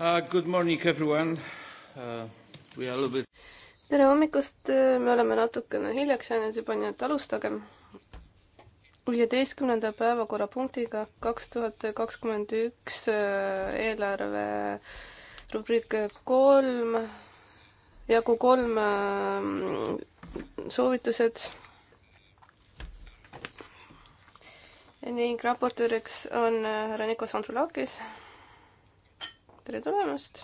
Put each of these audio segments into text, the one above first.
Uh, good morning, everyone uh,. We are a little bit. tere hommikust, me oleme natukene hiljaks jäänud juba, nii et alustagem. viieteistkümnenda päevakorrapunktiga kaks tuhat kakskümmend üks uh, eelarve rubriik kolm, jagu kolm um, soovitused ning raportööriks on uh, härra Nikos Andrulakis tere tulemast!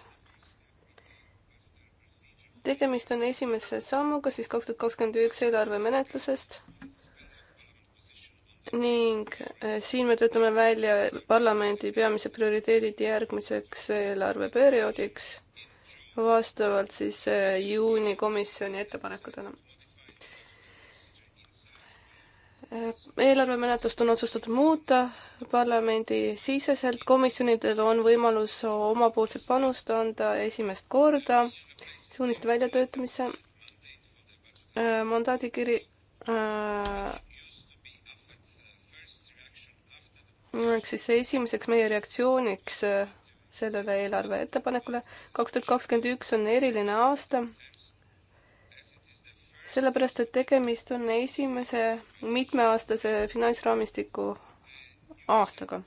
tegemist on esimese sammuga siis kaks tuhat kakskümmend üks eelarvemenetlusest ning eh, siin me töötame välja parlamendi peamised prioriteedid järgmiseks eelarveperioodiks vastavalt siis eh, juuni komisjoni ettepanekutele eelarvemenetlust on otsustatud muuta parlamendisiseselt, komisjonidel on võimalus omapoolset panust anda esimest korda suuniste väljatöötamisse. Äh, mandaadikiri oleks äh, siis esimeseks meie reaktsiooniks äh, sellele eelarve ettepanekule. kaks tuhat kakskümmend üks on eriline aasta sellepärast, et tegemist on esimese mitmeaastase finantsraamistiku aastaga.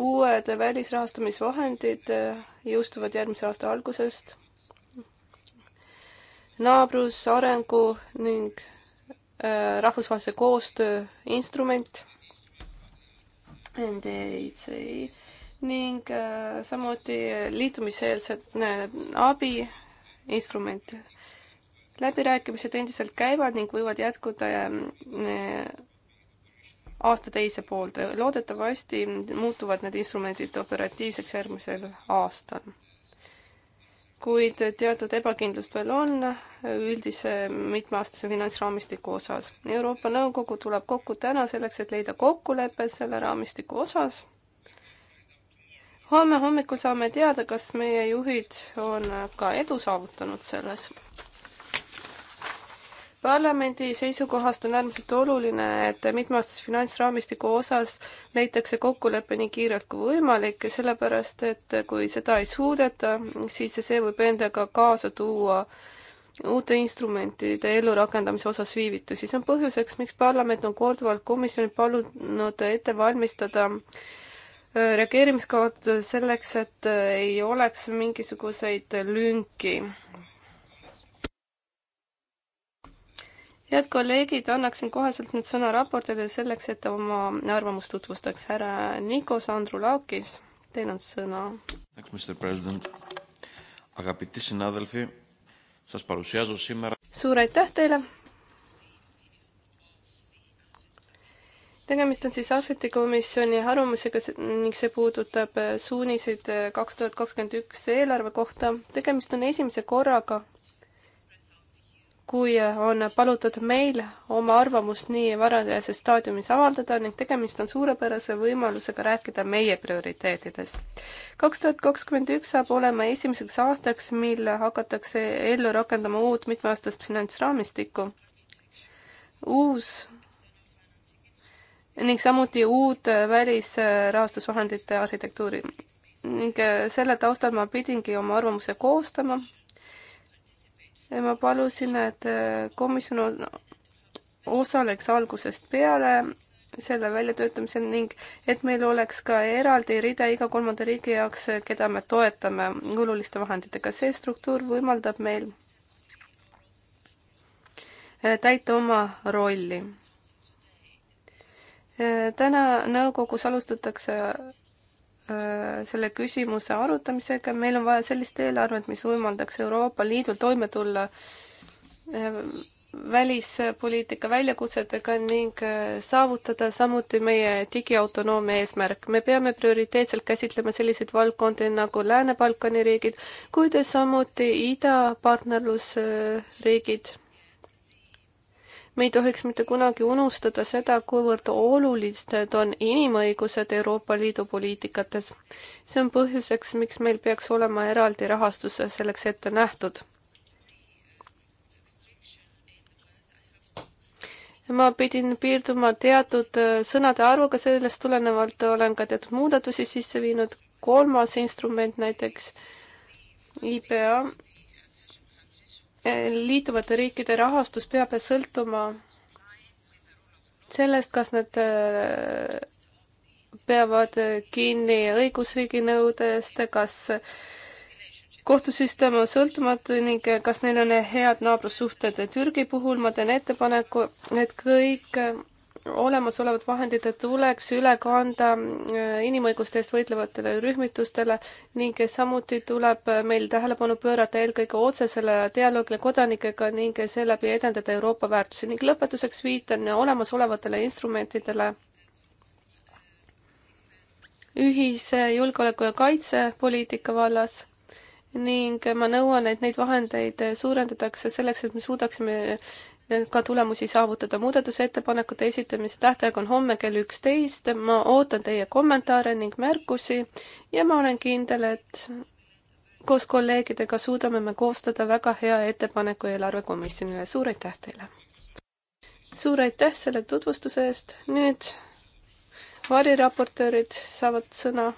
uued välisrahastamisvahendid eh, jõustuvad järgmise aasta algusest. naabrus, arengu ning eh, rahvusvahelise koostöö instrument NDIC ning eh, samuti liitumiseelset abi instrument läbirääkimised endiselt käivad ning võivad jätkuda ähm, äh, aasta teise poolde. loodetavasti muutuvad need instrumendid operatiivseks järgmisel aastal. kuid teatud ebakindlust veel on üldise mitmeaastase finantsraamistiku osas. Euroopa Nõukogu tuleb kokku täna selleks, et leida kokkulepe selle raamistiku osas. homme hommikul saame teada, kas meie juhid on ka edu saavutanud selles parlamendi seisukohast on äärmiselt oluline, et mitmeaastase finantsraamistiku osas leitakse kokkulepe nii kiirelt kui võimalik, sellepärast et kui seda ei suudeta, siis see võib endaga kaasa tuua uute instrumentide ellurakendamise osas viivitusi. see on põhjuseks, miks parlament on korduvalt komisjonil palunud ette valmistada äh, reageerimiskavad selleks, et äh, ei oleks mingisuguseid lünki head kolleegid, annaksin koheselt nüüd sõna raportile selleks, et oma arvamust tutvustaks. härra Nikos Andrulaakis, teil on sõna. suur aitäh teile! tegemist on siis Ahveti komisjoni arvamusega ning see puudutab suuniseid eh, kaks tuhat kakskümmend üks eelarve kohta. tegemist on esimese korraga, kui on palutud meil oma arvamust nii varajases staadiumis avaldada ning tegemist on suurepärase võimalusega rääkida meie prioriteetidest. kaks tuhat kakskümmend üks saab olema esimeseks aastaks, mil hakatakse ellu rakendama uut mitmeaastast finantsraamistikku. uus ning samuti uut välisrahastusvahendite arhitektuuri ning selle taustal ma pidingi oma arvamuse koostama me palusime, et äh, komisjon osaleks algusest peale selle väljatöötamisel ning et meil oleks ka eraldi rida iga kolmanda riigi jaoks, keda me toetame oluliste vahenditega. see struktuur võimaldab meil äh, täita oma rolli. Äh, täna nõukogus alustatakse Äh, selle küsimuse arutamisega, meil on vaja sellist eelarvet, mis võimaldaks Euroopa Liidul toime tulla äh, välispoliitika väljakutsetega ning äh, saavutada samuti meie digiautonoomia eesmärk. me peame prioriteetselt käsitlema selliseid valdkondi nagu Lääne-Balkani riigid, kuid samuti idapartnerlusriigid me ei tohiks mitte kunagi unustada seda, kuivõrd olulised on inimõigused Euroopa Liidu poliitikates. see on põhjuseks, miks meil peaks olema eraldi rahastus selleks ette nähtud. ma pidin piirduma teatud sõnade arvuga, sellest tulenevalt olen ka teatud muudatusi sisse viinud. kolmas instrument näiteks, IPA liituvate riikide rahastus peab sõltuma sellest, kas nad äh, peavad kinni õigusriigi nõudest, kas kohtusüsteem on sõltumatu ning kas neil on head naabrussuhted. Türgi puhul ma teen ettepaneku, et kõik olemasolevad vahendid tuleks üle kanda äh, inimõiguste eest võitlevatele rühmitustele ning samuti tuleb äh, meil tähelepanu pöörata eelkõige otsesele dialoogile kodanikega ning seeläbi edendada Euroopa väärtusi ning lõpetuseks viitan olemasolevatele instrumentidele ühise julgeoleku ja kaitsepoliitika vallas ning ma nõuan, et neid vahendeid suurendatakse selleks, et me suudaksime ka tulemusi saavutada. muudatusettepanekute esitamise tähtaeg on homme kell üksteist, ma ootan teie kommentaare ning märkusi ja ma olen kindel, et koos kolleegidega suudame me koostada väga hea ettepaneku eelarvekomisjonile. suur aitäh teile! suur aitäh selle tutvustuse eest, nüüd variraportöörid saavad sõna.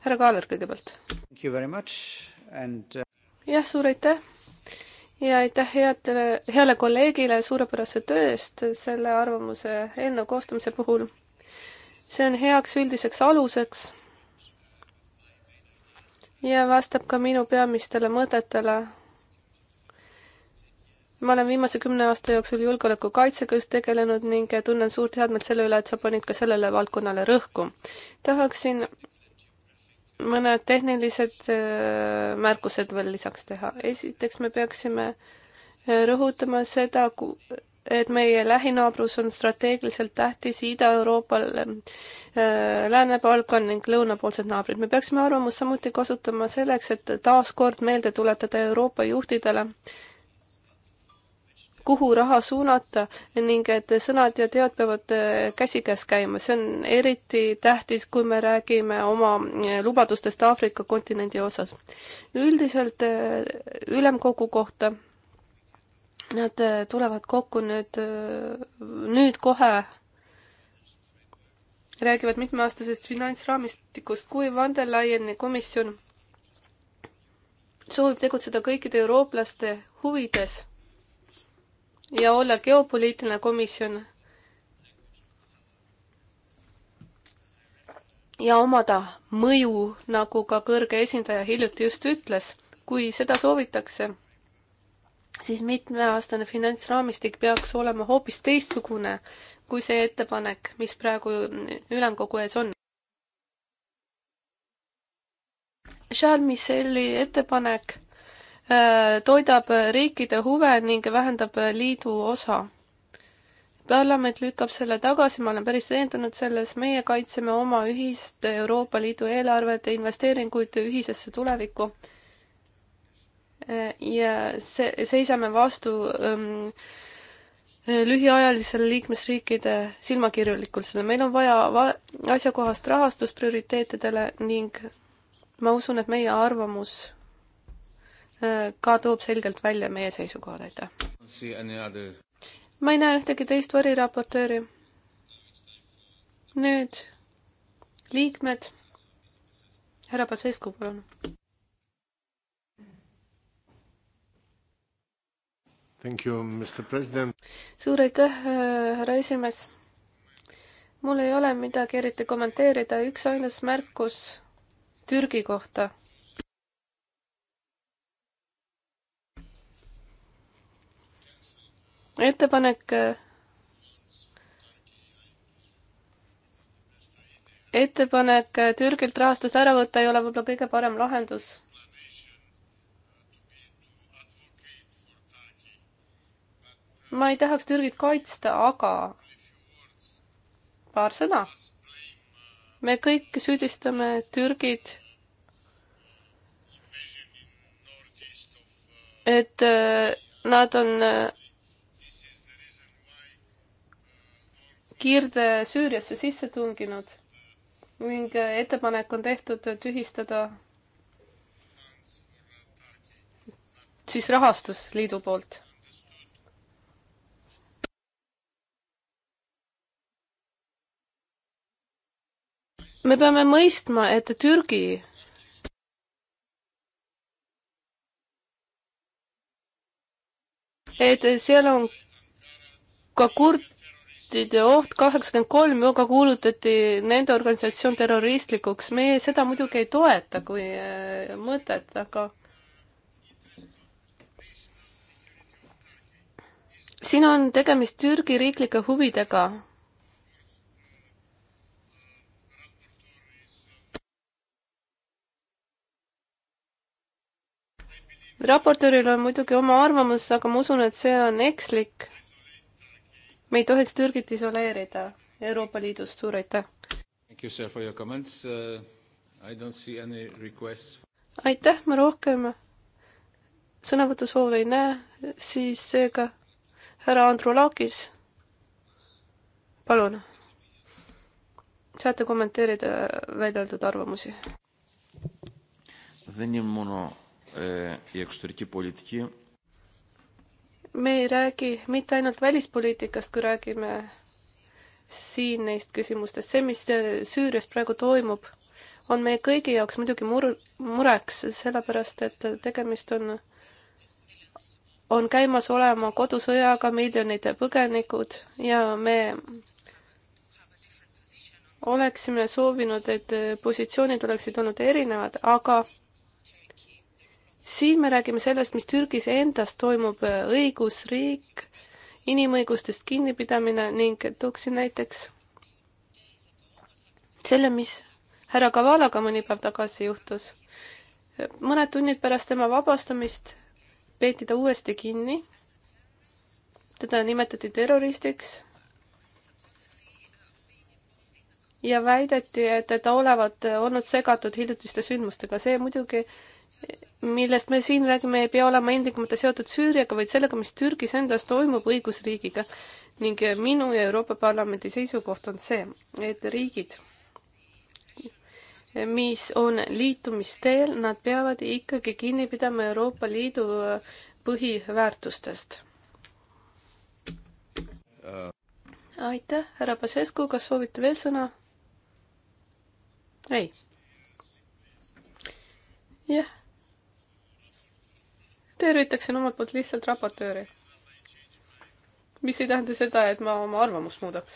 härra Kaaler kõigepealt. Uh, jah, suur aitäh! ja aitäh headele, heale kolleegile suurepärase töö eest selle arvamuse eelnõu koostamise puhul. see on heaks üldiseks aluseks ja vastab ka minu peamistele mõtetele. ma olen viimase kümne aasta jooksul julgeolekukaitsega just tegelenud ning tunnen suurt headmeelt selle üle, et sa panid ka sellele valdkonnale rõhku. tahaksin mõned tehnilised äh, märkused veel lisaks teha. esiteks me peaksime äh, rõhutama seda, et meie lähinaabrus on strateegiliselt tähtis Ida-Euroopal äh,, Lääne-Balkan ning lõunapoolsed naabrid. me peaksime arvamust samuti kasutama selleks, et taaskord meelde tuletada Euroopa juhtidele äh,, kuhu raha suunata ning et sõnad ja teod peavad äh, käsikäes käima. see on eriti tähtis, kui me räägime oma äh, lubadustest Aafrika kontinendi osas. üldiselt äh, ülemkogu kohta Nad tulevad kokku nüüd, nüüd kohe räägivad mitmeaastasest finantsraamistikust, kui Van der Laieni komisjon soovib tegutseda kõikide eurooplaste huvides ja olla geopoliitiline komisjon ja omada mõju, nagu ka kõrge esindaja hiljuti just ütles, kui seda soovitakse, siis mitmeaastane finantsraamistik peaks olema hoopis teistsugune kui see ettepanek, mis praegu ülemkogu ees on. Charles Micheli ettepanek Äh, toidab riikide huve ning vähendab liidu osa. parlament lükkab selle tagasi, ma olen päris veendunud selles, meie kaitseme oma ühist Euroopa Liidu eelarvet ja investeeringuid ühisesse tulevikku. Äh, ja see, seisame vastu ähm, lühiajalisele liikmesriikide silmakirjulikkusele, meil on vaja va asjakohast rahastust prioriteetidele ning ma usun, et meie arvamus Äh, ka toob selgelt välja meie seisukohad, aitäh. ma ei näe ühtegi teist variraportööri. nüüd liikmed. härra Pasescu, palun. Thank you, Mr President. suur aitäh, äh, härra esimees. mul ei ole midagi eriti kommenteerida, üksainus märkus Türgi kohta ettepanek äh, ettepanek äh, Türgilt rahastust ära võtta ei ole võib-olla kõige parem lahendus. ma ei tahaks Türgit kaitsta, aga paar sõna. me kõik süüdistame Türgit, et äh, nad on kirde Süüriasse sisse tunginud ning äh, ettepanek on tehtud tühistada siis rahastus liidu poolt. me peame mõistma, et Türgi et seal on ka kurd terroristide oht kaheksakümmend kolm, joka kuulutati nende organisatsioon terroristlikuks. meie seda muidugi ei toeta kui äh, mõtet, aga siin on tegemist Türgi riiklike huvidega raportööril on muidugi oma arvamus, aga ma usun, et see on ekslik me ei tohiks Türgit isoleerida Euroopa Liidust, suur aitäh! Uh, aitäh, ma rohkem sõnavõtusoove ei näe, siis seega härra Andrulakis, palun, saate kommenteerida välja öeldud arvamusi? Δεν είναι μόνο ε, η εξωτερική πολιτική, me ei räägi mitte ainult välispoliitikast, kui räägime siin neist küsimustest, see, mis äh, Süürias praegu toimub, on meie kõigi jaoks muidugi mur-, mureks, sellepärast et tegemist on, on käimas olema kodusõjaga miljonid põgenikud ja me oleksime soovinud, et positsioonid oleksid olnud erinevad, aga siin me räägime sellest, mis Türgis endas toimub, õigusriik, inimõigustest kinnipidamine ning tooksin näiteks selle, mis härra Kavalaga mõni päev tagasi juhtus. mõned tunnid pärast tema vabastamist peeti ta uuesti kinni. teda nimetati terroristiks. ja väideti, et ta olevat olnud segatud hiljutiste sündmustega, see muidugi millest me siin räägime, ei pea olema ilmtingimata seotud Süüriaga, vaid sellega, mis Türgis endas toimub õigusriigiga. ning minu ja Euroopa Parlamendi seisukoht on see, et riigid, mis on liitumisteel, nad peavad ikkagi kinni pidama Euroopa Liidu äh, põhiväärtustest. aitäh, härra Pasescu, kas soovite veel sõna? ei. jah tervitaksin omalt poolt lihtsalt raportööri. mis ei tähenda seda, et ma oma arvamust muudaks.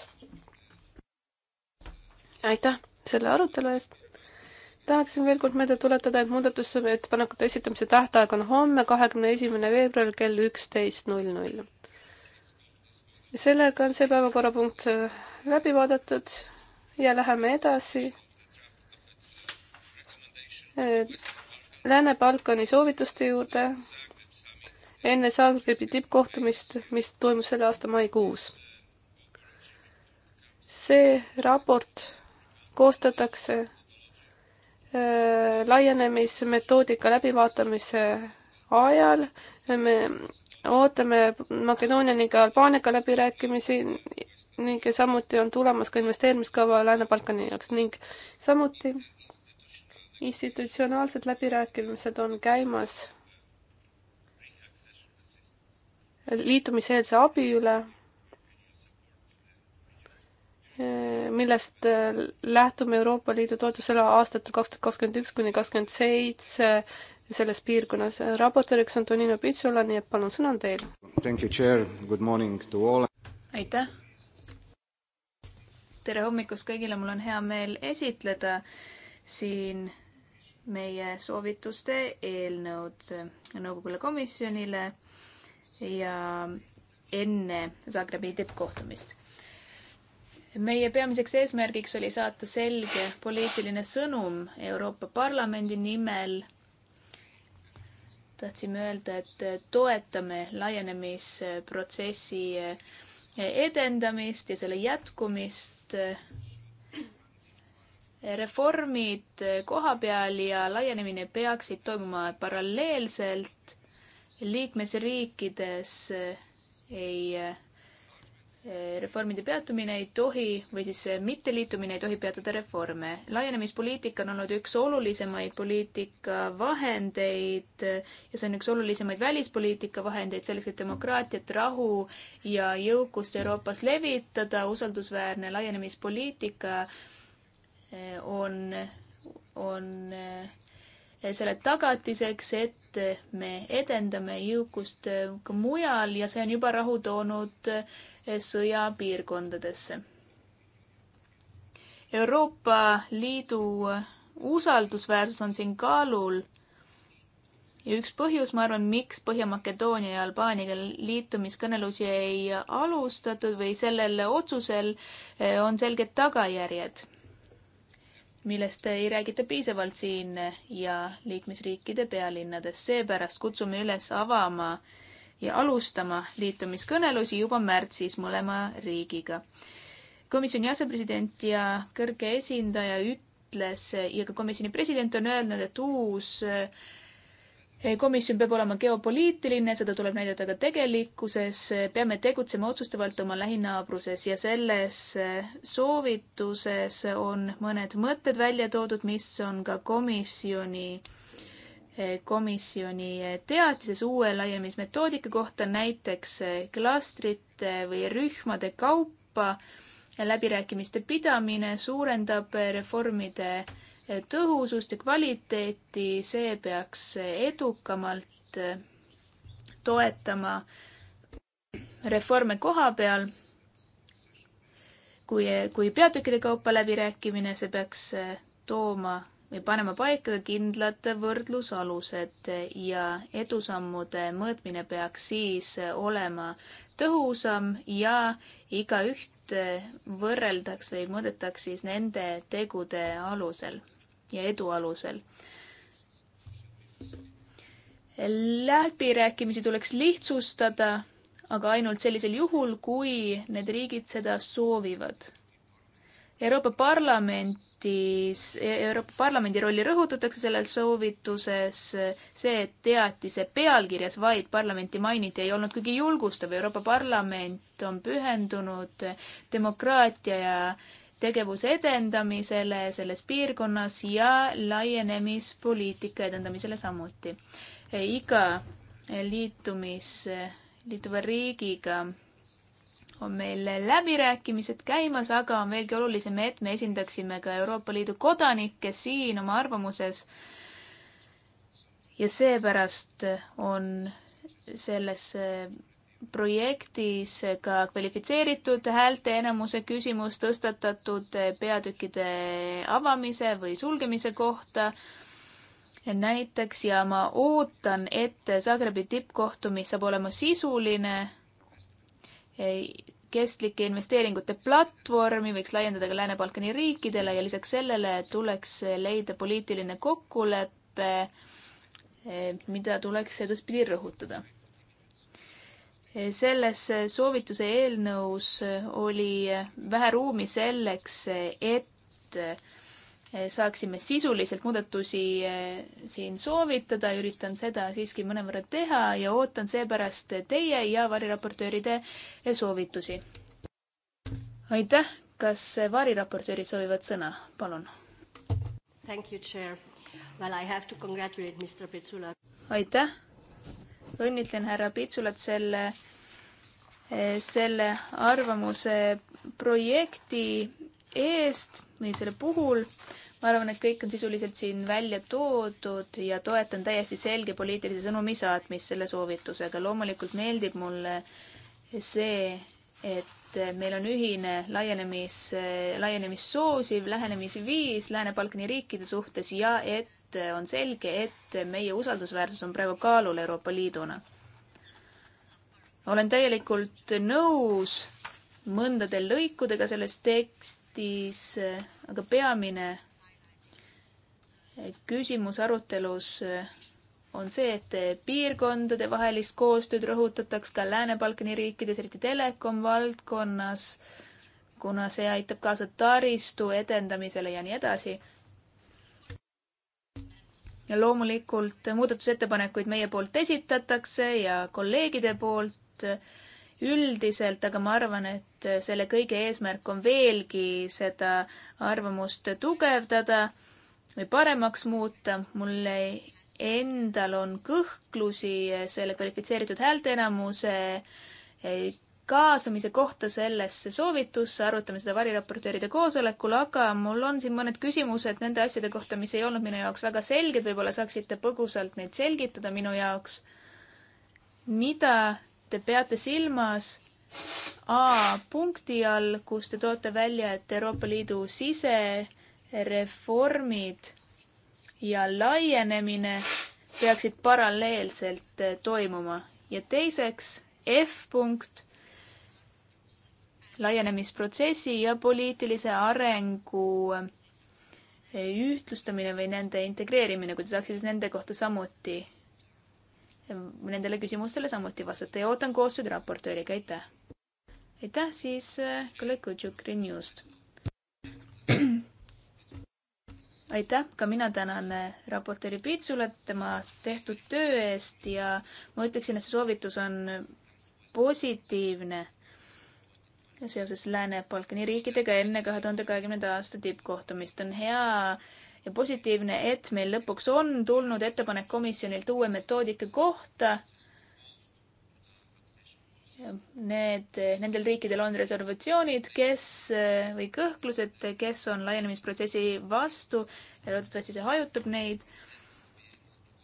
aitäh selle arutelu eest. tahaksin veel kord meelde tuletada, et muudatusettepanekute esitamise tähtaeg on homme, kahekümne esimene veebruar kell üksteist null null. sellega on see päevakorrapunkt äh, läbi vaadatud ja läheme edasi äh, Lääne-Balkani soovituste juurde enne Zagrebi tippkohtumist, mis toimus selle aasta maikuus. see raport koostatakse äh, laienemismetoodika läbivaatamise ajal. me ootame Makedoonianiga Albaaniaga läbirääkimisi ning samuti on tulemas ka investeerimiskava Lääne-Balkani jaoks ning samuti institutsionaalsed läbirääkimised on käimas liitumiseelse abi üle, millest lähtume Euroopa Liidu toetusele aastatel kaks tuhat kakskümmend üks kuni kakskümmend seitse selles piirkonnas. raportööriks on Tonino Pitsula, nii et palun, sõna on teil. aitäh! tere hommikust kõigile, mul on hea meel esitleda siin meie soovituste eelnõud nõukogule komisjonile ja enne Zagrebi tippkohtumist. meie peamiseks eesmärgiks oli saata selge poliitiline sõnum Euroopa Parlamendi nimel. tahtsime öelda, et toetame laienemisprotsessi edendamist ja selle jätkumist. reformid kohapeal ja laienemine peaksid toimuma paralleelselt liikmesriikides ei eh, reformide peatumine ei tohi või siis mitteliitumine ei tohi peatada reforme. laienemispoliitika on olnud üks olulisemaid poliitikavahendeid ja see on üks olulisemaid välispoliitika vahendeid selleks, et demokraatiat, rahu ja jõukust Euroopas levitada. usaldusväärne laienemispoliitika eh, on, on eh, selle tagatiseks, et me edendame jõukust ka mujal ja see on juba rahu toonud sõjapiirkondadesse. Euroopa Liidu usaldusväärsus on siin kaalul ja üks põhjus, ma arvan, miks Põhja-Makedoonia ja Albaaniaga liitumiskõnelusi ei alustatud või sellel otsusel eh, on selged tagajärjed millest ei räägita piisavalt siin ja liikmesriikide pealinnades. seepärast kutsume üles avama ja alustama liitumiskõnelusi juba märtsis mõlema riigiga. komisjoni asepresident ja kõrge esindaja ütles ja ka komisjoni president on öelnud, et uus Eh, komisjon peab olema geopoliitiline, seda tuleb näidata ka tegelikkuses, peame tegutsema otsustavalt oma lähinaabruses ja selles eh, soovituses on mõned mõtted välja toodud, mis on ka komisjoni, eh, komisjoni teatises uue laiemismetoodika kohta, näiteks klastrite või rühmade kaupa läbirääkimiste pidamine suurendab reformide tõhusust ja kvaliteeti, see peaks edukamalt toetama reforme koha peal. kui, kui peatükkide kaupa läbirääkimine, see peaks tooma või panema paika kindlad võrdlusalused ja edusammude mõõtmine peaks siis olema tõhusam ja igaüht võrreldaks või mõõdetaks siis nende tegude alusel ja edu alusel. läbirääkimisi tuleks lihtsustada, aga ainult sellisel juhul, kui need riigid seda soovivad. Euroopa Parlamentis, Euroopa Parlamendi rolli rõhutatakse selles soovituses see, et teatise pealkirjas vaid parlamenti mainiti, ei olnud kuigi julgustav. Euroopa Parlament on pühendunud demokraatia ja tegevuse edendamisele selles piirkonnas ja laienemispoliitika edendamisele samuti. iga liitumis, liituva riigiga on meil läbirääkimised käimas, aga on veelgi olulisem, et me esindaksime ka Euroopa Liidu kodanikke siin oma arvamuses. ja seepärast on selles projektis ka kvalifitseeritud häälteenamuse küsimus tõstatatud peatükkide avamise või sulgemise kohta näiteks ja ma ootan, et Zagrebi tippkohtumine saab olema sisuline. E, kestlike investeeringute platvormi võiks laiendada ka Lääne-Balkani riikidele ja lisaks sellele tuleks leida poliitiline kokkulepe, e, mida tuleks edaspidi rõhutada selles soovituse eelnõus oli vähe ruumi selleks, et saaksime sisuliselt muudatusi eh, siin soovitada, üritan seda siiski mõnevõrra teha ja ootan seepärast teie ja variraportööride soovitusi. aitäh, kas variraportöörid soovivad sõna, palun? Well, aitäh õnnitlen härra Pitsulat selle, eh, selle arvamuse projekti eest või selle puhul. ma arvan, et kõik on sisuliselt siin välja toodud ja toetan täiesti selge poliitilise sõnumi saatmist selle soovitusega. loomulikult meeldib mulle see, et meil on ühine laienemis, laienemist soosiv lähenemisviis Lääne-Balkani riikide suhtes ja et et eh, on selge, et meie usaldusväärsus on praegu kaalul Euroopa Liiduna. olen täielikult nõus mõndade lõikudega selles tekstis, aga peamine küsimus arutelus on see, et piirkondade vahelist koostööd rõhutataks ka Lääne-Balkani riikides, eriti telekom valdkonnas, kuna see aitab kaasa taristu edendamisele ja nii edasi ja loomulikult muudatusettepanekuid meie poolt esitatakse ja kolleegide poolt üldiselt, aga ma arvan, et selle kõige eesmärk on veelgi seda arvamust tugevdada või paremaks muuta. mul endal on kõhklusi selle kvalifitseeritud häälteenamuse kaasamise kohta sellesse soovitusse, arutame seda variraportööride koosolekul, aga mul on siin mõned küsimused nende asjade kohta, mis ei olnud minu jaoks väga selged, võib-olla saaksite põgusalt neid selgitada minu jaoks. mida te peate silmas A punkti all, kus te toote välja, et Euroopa Liidu sisereformid ja laienemine peaksid paralleelselt toimuma ja teiseks F punkt laienemisprotsessi ja poliitilise arengu eh, ühtlustamine või nende integreerimine, kui te saaksite siis nende kohta samuti, nendele küsimustele samuti vastata ja ootan koostööd raportööriga, aitäh! aitäh siis eh, kolleeg Kutšuk Renewst! aitäh, ka mina tänan eh, raportööri Piitsule tema tehtud töö eest ja ma ütleksin, et see soovitus on positiivne seoses Lääne-Balkani riikidega enne kahe tuhande kahekümnenda aasta tippkohtumist. on hea ja positiivne, et meil lõpuks on tulnud ettepanek komisjonilt uue metoodika kohta. Need, nendel riikidel on reservatsioonid, kes või kõhklused, kes on laienemisprotsessi vastu ja loodetavasti see hajutab neid.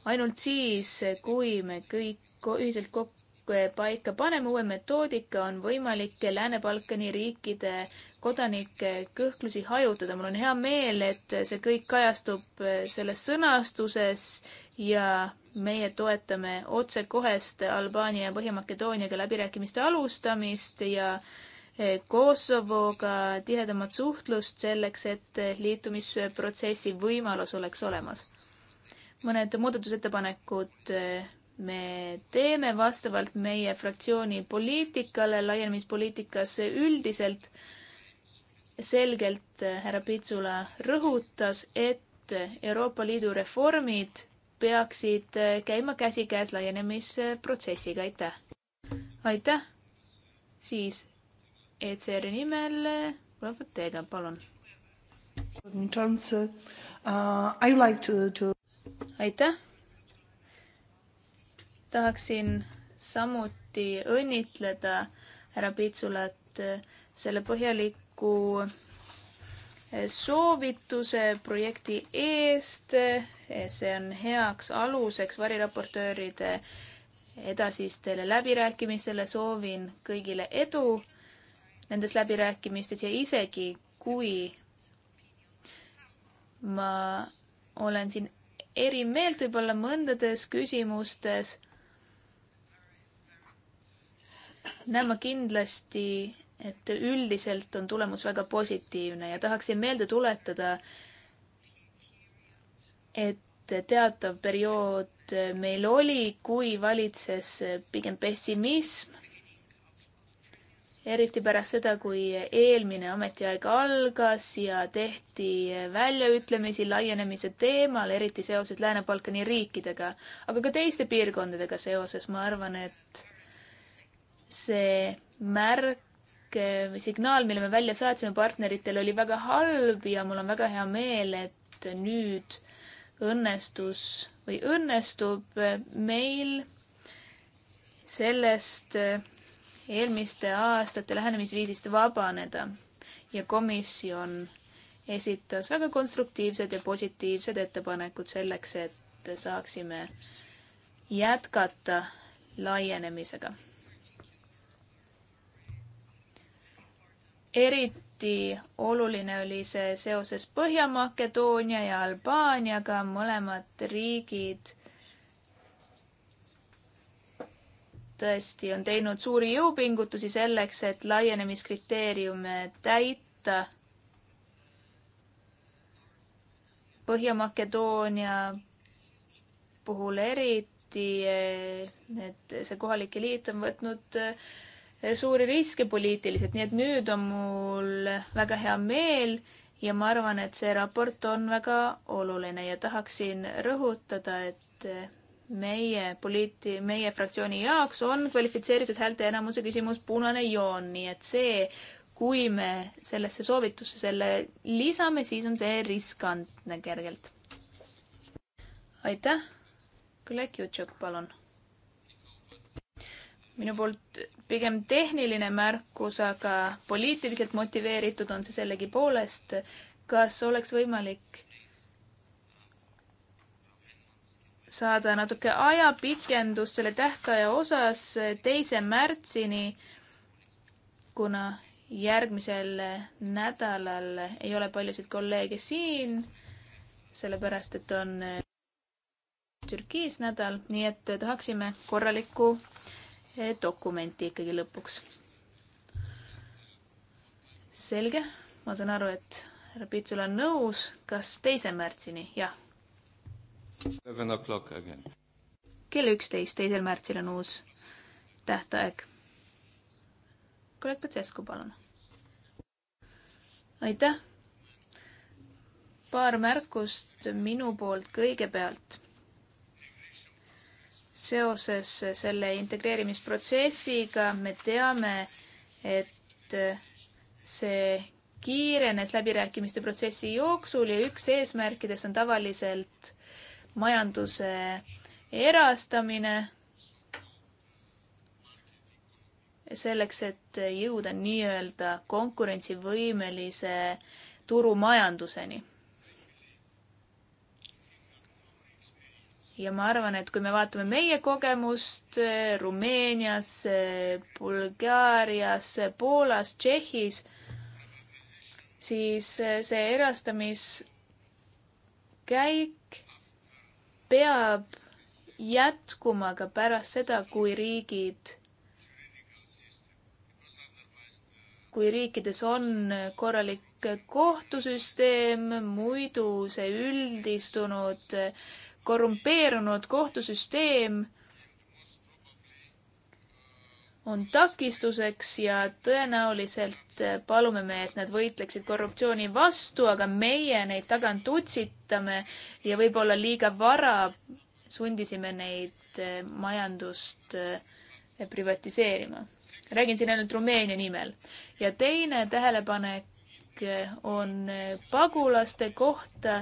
ainult siis, kui me kõik ühiselt kokku paika paneme, uue metoodika, on võimalik Lääne-Balkani riikide kodanike kõhklusi hajutada. mul on hea meel, et see kõik kajastub eh, selles sõnastuses ja meie toetame otsekohest Albaania ja Põhja-Makedooniaga läbirääkimiste alustamist ja eh, Kosovoga tihedamat suhtlust selleks, et liitumisprotsessi võimalus oleks olemas. mõned muudatusettepanekud eh, me teeme vastavalt meie fraktsiooni poliitikale, laienemispoliitikasse üldiselt. selgelt härra Pitsula rõhutas, et Euroopa Liidu reformid peaksid käima käsikäes laienemisprotsessiga, aitäh. aitäh. siis ECR-i nimel Robert Teega, palun. Uh, aitäh tahaksin samuti õnnitleda härra Pitsulat eh, selle põhjaliku eh, soovituse projekti eest. Eh, see on heaks aluseks variraportööride edasistele läbirääkimisele. soovin kõigile edu nendes läbirääkimistes ja isegi kui ma olen siin eri meelt võib-olla mõndades küsimustes näen ma kindlasti, et üldiselt on tulemus väga positiivne ja tahaksin meelde tuletada, et teatav periood meil oli, kui valitses pigem pessimism. eriti pärast seda, kui eelmine ametiaeg algas ja tehti väljaütlemisi laienemise teemal, eriti seoses Lääne-Balkani riikidega, aga ka teiste piirkondadega seoses, ma arvan, et see märk või signaal, mille me välja saatsime partneritele, oli väga halb ja mul on väga hea meel, et nüüd õnnestus või õnnestub meil sellest eelmiste aastate lähenemisviisist vabaneda ja komisjon esitas väga konstruktiivsed ja positiivsed ettepanekud selleks, et saaksime jätkata laienemisega eriti oluline oli see seoses Põhja-Makedoonia ja Albaaniaga, mõlemad riigid tõesti on teinud suuri jõupingutusi selleks, et laienemiskriteeriume täita. Põhja-Makedoonia puhul eriti, et eh, see kohalik eliit on võtnud eh, suuri riske poliitiliselt, nii et nüüd on mul väga hea meel ja ma arvan, et see raport on väga oluline ja tahaksin rõhutada, et meie poliiti-, meie fraktsiooni jaoks on kvalifitseeritud häälteenamuse küsimus punane joon, nii et see, kui me sellesse soovitusse selle lisame, siis on see riskantne kergelt. aitäh, kolleeg Jutšuk, palun minu poolt pigem tehniline märkus, aga poliitiliselt motiveeritud on see sellegipoolest. kas oleks võimalik saada natuke ajapikendust selle tähtaja osas teise märtsini, kuna järgmisel nädalal ei ole paljusid kolleege siin, sellepärast et on Türgis nädal, nii et tahaksime korralikku E dokumenti ikkagi lõpuks. selge, ma saan aru, et härra Pitsul on nõus, kas teise märtsini, jah? kell üksteist, teisel märtsil on uus tähtaeg. kolleeg Petsesku, palun. aitäh. paar märkust minu poolt kõigepealt seoses selle integreerimisprotsessiga me teame, et see kiirenes läbirääkimiste protsessi jooksul ja üks eesmärkidest on tavaliselt majanduse erastamine. selleks, et jõuda nii-öelda konkurentsivõimelise turumajanduseni ja ma arvan, et kui me vaatame meie kogemust eh, Rumeenias, eh, Bulgaarias, eh, Poolas, Tšehhis, siis see erastamiskäik peab jätkuma ka pärast seda, kui riigid, kui riikides on korralik kohtusüsteem, muidu see üldistunud äh, korrumpeerunud kohtusüsteem on takistuseks ja tõenäoliselt palume me, et nad võitleksid korruptsiooni vastu, aga meie neid tagant utsitame ja võib-olla liiga vara sundisime neid eh, majandust eh, privatiseerima. räägin siin ainult Rumeenia nimel. ja teine tähelepanek eh, on pagulaste kohta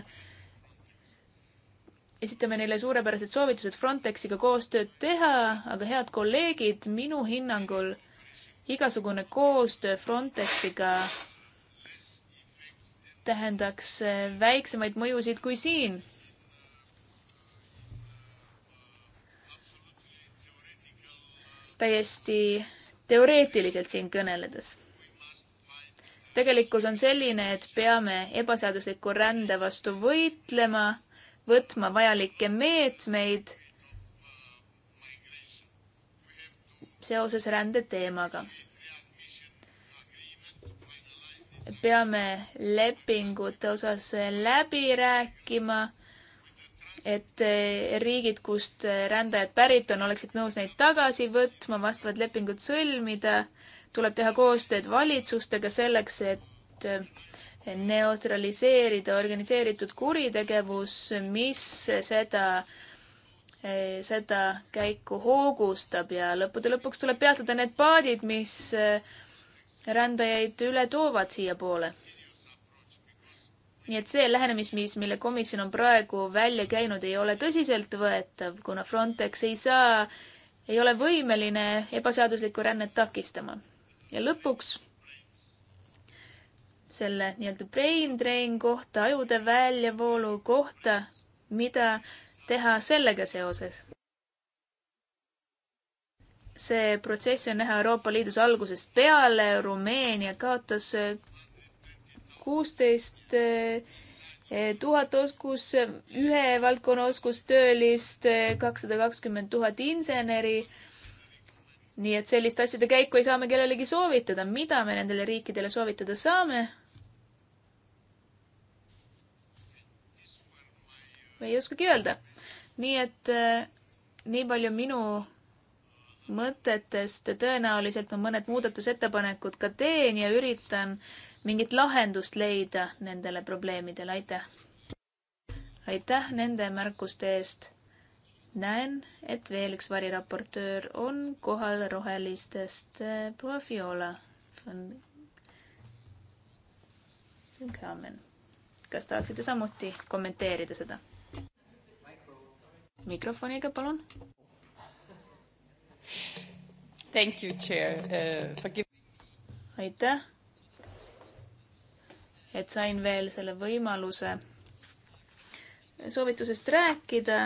esitame neile suurepärased soovitused Frontexiga koostööd teha, aga head kolleegid, minu hinnangul igasugune koostöö Frontexiga tähendaks eh, väiksemaid mõjusid kui siin. täiesti teoreetiliselt siin kõneledes. tegelikkus on selline, et peame ebaseadusliku rände vastu võitlema võtma vajalikke meetmeid seoses rändeteemaga. peame lepingute osas läbi rääkima, et riigid, kust rändajad pärit on, oleksid nõus neid tagasi võtma, vastavad lepingud sõlmida. tuleb teha koostööd valitsustega selleks, et neutraliseerida organiseeritud kuritegevus, mis seda, seda käiku hoogustab ja lõppude lõpuks tuleb peatada need paadid, mis rändajaid üle toovad siiapoole nii et see lähenemisviis, mille komisjon on praegu välja käinud, ei ole tõsiseltvõetav, kuna Frontex ei saa, ei ole võimeline ebaseaduslikku rännet takistama. ja lõpuks selle nii-öelda brain drain kohta, ajude väljavoolu kohta, mida teha sellega seoses? see protsess on näha Euroopa Liidus algusest peale, Rumeenia kaotas eh, kuusteist eh, tuhat oskus, ühe valdkonna oskustöölist, eh, kakssada kakskümmend tuhat inseneri nii et selliste asjade käiku ei saa me kellelegi soovitada. mida me nendele riikidele soovitada saame? ei oskagi öelda. nii et äh, nii palju minu mõtetest, tõenäoliselt ma mõned muudatusettepanekud ka teen ja üritan mingit lahendust leida nendele probleemidele, aitäh! aitäh nende märkuste eest! näen, et veel üks variraportöör on kohal rohelistest äh, proua Fiola von Kramen. kas tahaksite samuti kommenteerida seda? mikrofoniga, palun. Thank you, chair uh,, forgive. aitäh, et sain veel selle võimaluse soovitusest rääkida.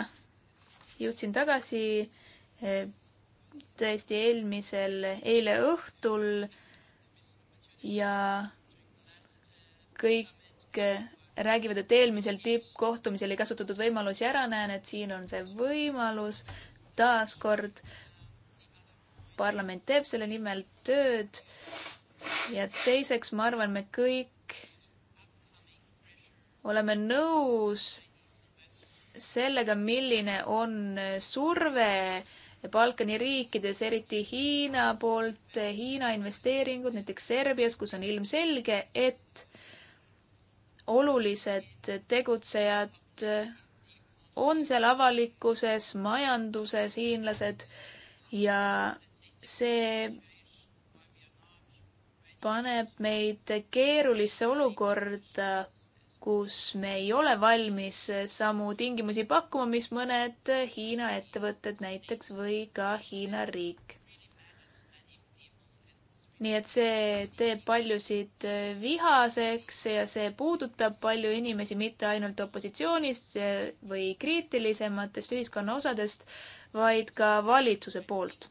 jõudsin tagasi e, täiesti eelmisel, eile õhtul ja kõik räägivad, et eelmisel tippkohtumisel ei kasutatud võimalusi ära, näen, et siin on see võimalus. taaskord parlament teeb selle nimel tööd. ja teiseks, ma arvan, me kõik oleme nõus sellega, milline on surve Balkani riikides, eriti Hiina poolt, Hiina investeeringud näiteks Serbias, kus on ilmselge, et olulised tegutsejad on seal avalikkuses, majanduses, hiinlased ja see paneb meid keerulisse olukorda, kus me ei ole valmis samu tingimusi pakkuma, mis mõned Hiina ettevõtted näiteks või ka Hiina riik nii et see teeb paljusid äh, vihaseks ja see puudutab palju inimesi mitte ainult opositsioonist äh, või kriitilisematest ühiskonna osadest, vaid ka valitsuse poolt.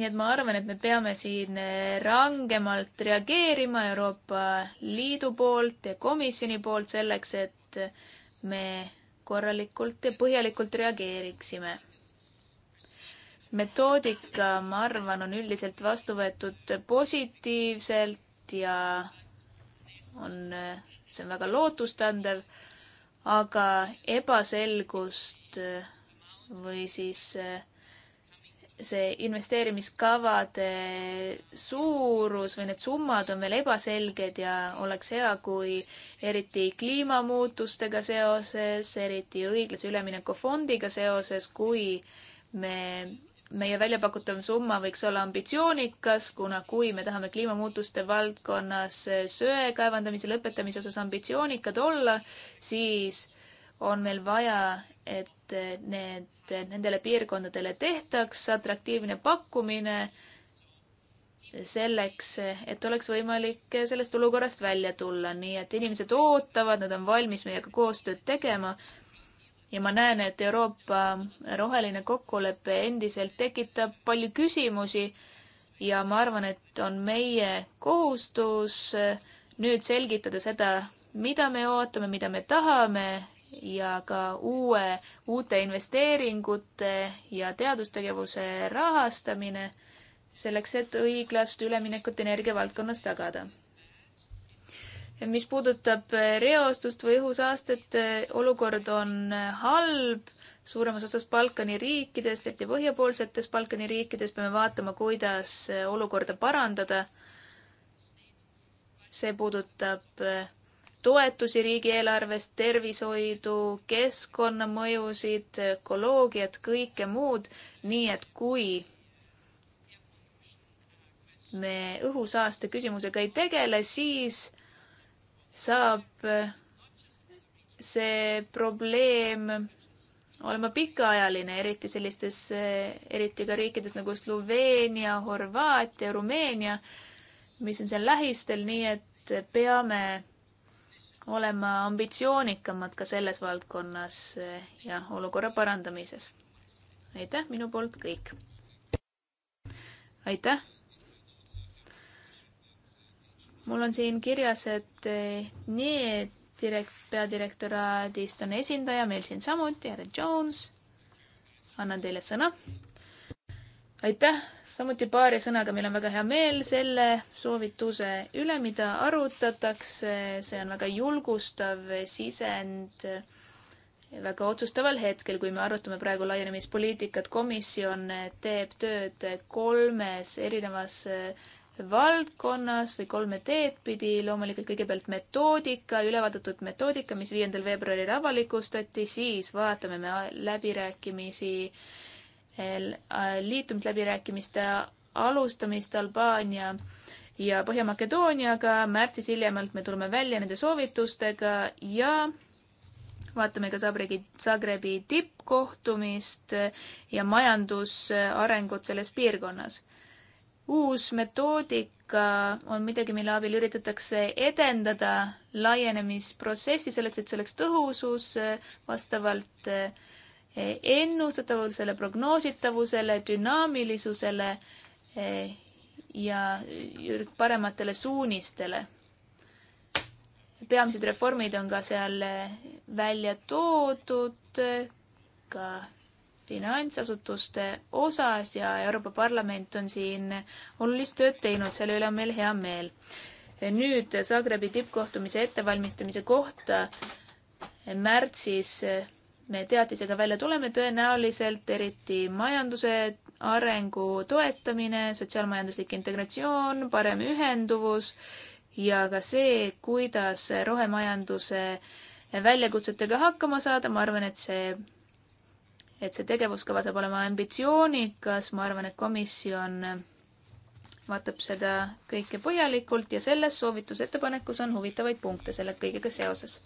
nii et ma arvan, et me peame siin äh, rangemalt reageerima Euroopa Liidu poolt ja komisjoni poolt selleks, et me korralikult ja põhjalikult reageeriksime metoodika, ma arvan, on üldiselt vastu võetud positiivselt ja on, see on väga lootustandev, aga ebaselgust või siis eh, see investeerimiskavade suurus või need summad on veel ebaselged ja oleks hea, kui eriti kliimamuutustega seoses, eriti õiglase ülemineku fondiga seoses, kui me meie väljapakutav summa võiks olla ambitsioonikas, kuna kui me tahame kliimamuutuste valdkonnas söe kaevandamise lõpetamise osas ambitsioonikad olla, siis on meil vaja, et need, nendele piirkondadele tehtaks atraktiivne pakkumine selleks, et oleks võimalik sellest olukorrast välja tulla, nii et inimesed ootavad, nad on valmis meiega koostööd tegema ja ma näen, et Euroopa roheline kokkulepe endiselt tekitab palju küsimusi ja ma arvan, et on meie kohustus nüüd selgitada seda, mida me ootame, mida me tahame ja ka uue, uute investeeringute ja teadustegevuse rahastamine selleks, et õiglast üleminekut energiavaldkonnas tagada mis puudutab eh, reostust või õhusaastet, eh, olukord on eh, halb suuremas osas Balkani riikides, eriti põhjapoolsetes Balkani riikides peame vaatama, kuidas olukorda parandada. see puudutab toetusi riigieelarvest, tervishoidu, keskkonnamõjusid, ökoloogiat, kõike muud, nii et kui me õhusaaste küsimusega ei tegele, siis saab eh, see probleem olema pikaajaline, eriti sellistes, eh, eriti ka riikides nagu Sloveenia, Horvaatia, Rumeenia, mis on seal lähistel, nii et peame olema ambitsioonikamad ka selles valdkonnas eh, ja olukorra parandamises. aitäh minu poolt kõik. aitäh mul on siin kirjas, et eh, nii direkt-, peadirektoraadist on esindaja meil siin samuti, härra Jones. annan teile sõna. aitäh, samuti paari sõnaga, meil on väga hea meel selle soovituse üle, mida arutatakse, see on väga julgustav sisend väga otsustaval hetkel, kui me arutame praegu laienemispoliitikat, komisjon teeb tööd kolmes erinevas valdkonnas või kolme teed pidi. loomulikult kõigepealt metoodika, ülevaadatud metoodika, mis viiendal veebruaril avalikustati, siis vaatame me läbirääkimisi, liitumisläbirääkimiste alustamist Albaania ja Põhja-Makedooniaga. märtsis hiljemalt me tuleme välja nende soovitustega ja vaatame ka Zagregi, Zagrebi tippkohtumist ja majandusarengut selles piirkonnas uus metoodika on midagi, mille abil üritatakse edendada laienemisprotsessi selleks, et see oleks tõhusus vastavalt eh, ennustatavusele, prognoositavusele, dünaamilisusele eh, ja parematele suunistele. peamised reformid on ka seal eh, välja toodud, ka finantsasutuste osas ja Euroopa Parlament on siin olulist tööd teinud, selle üle on meil hea meel. nüüd Zagrebi tippkohtumise ettevalmistamise kohta märtsis me teatisega välja tuleme, tõenäoliselt eriti majanduse arengu toetamine, sotsiaalmajanduslik integratsioon, parem ühenduvus ja ka see, kuidas rohemajanduse väljakutsetega hakkama saada, ma arvan, et see et see tegevuskava saab olema ambitsioonikas, ma arvan, et komisjon vaatab seda kõike põhjalikult ja selles soovitusettepanekus on huvitavaid punkte selle kõigega seoses.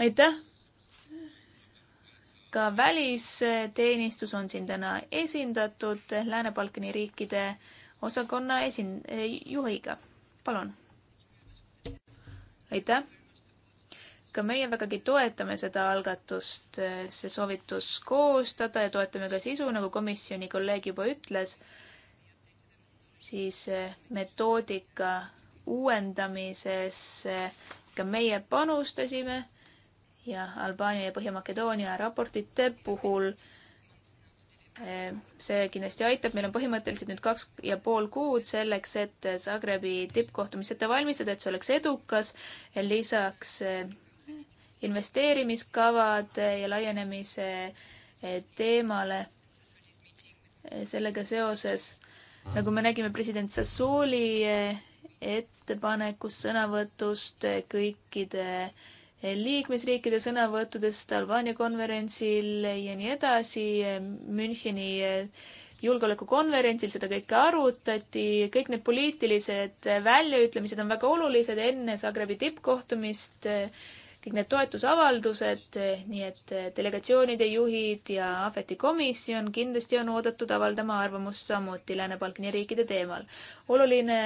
aitäh! ka välisteenistus on siin täna esindatud Lääne-Balkani riikide osakonna esin-, juhiga. palun! aitäh! ka meie vägagi toetame seda algatust, see soovitus koostada ja toetame ka sisu, nagu komisjoni kolleeg juba ütles, siis eh, metoodika uuendamises eh, ka meie panustasime ja Albaania ja Põhja-Makedoonia raportite puhul eh, see kindlasti aitab, meil on põhimõtteliselt nüüd kaks ja pool kuud selleks, et Zagrebi tippkohtumist ette valmistada, et see oleks edukas. lisaks investeerimiskavade ja laienemise eh, teemale. Eh, sellega seoses, nagu me nägime president Sassooli eh, ettepanekust, sõnavõtust, kõikide liikmesriikide sõnavõttudest Albaania konverentsil ja nii edasi, Müncheni julgeolekukonverentsil seda kõike arutati, kõik need poliitilised väljaütlemised on väga olulised enne Zagrebi tippkohtumist ning need toetusavaldused, nii et delegatsioonide juhid ja ametikomisjon kindlasti on oodatud avaldama arvamust samuti Lääne-Balkani riikide teemal. oluline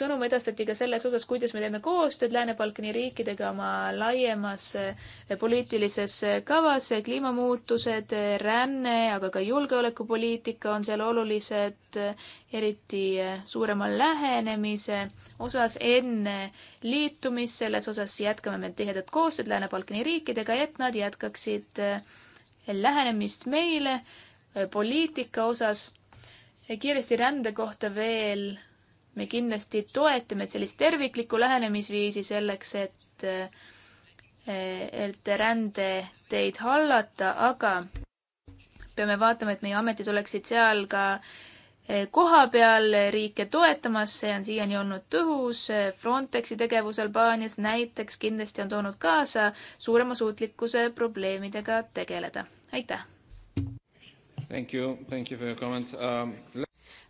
sõnum edastati ka selles osas, kuidas me teeme koostööd Lääne-Balkani riikidega oma laiemas poliitilises kavas. kliimamuutused, ränne, aga ka julgeolekupoliitika on seal olulised, eriti suurema lähenemise osas enne liitumist, selles osas jätkame me tihedat koostööd Lääne-Balkani riikidega, et nad jätkaksid äh, lähenemist meile äh, poliitika osas. kiiresti rände kohta veel, me kindlasti toetame sellist terviklikku lähenemisviisi selleks, et, äh, et rändeteid hallata, aga peame vaatama, et meie ametid oleksid seal ka äh, kohapeal riike toetamas, see on siiani olnud tõhus. Frontexi tegevus Albaanias näiteks kindlasti on toonud kaasa suurema suutlikkuse probleemidega tegeleda. aitäh! Thank you, thank you for your comments um,.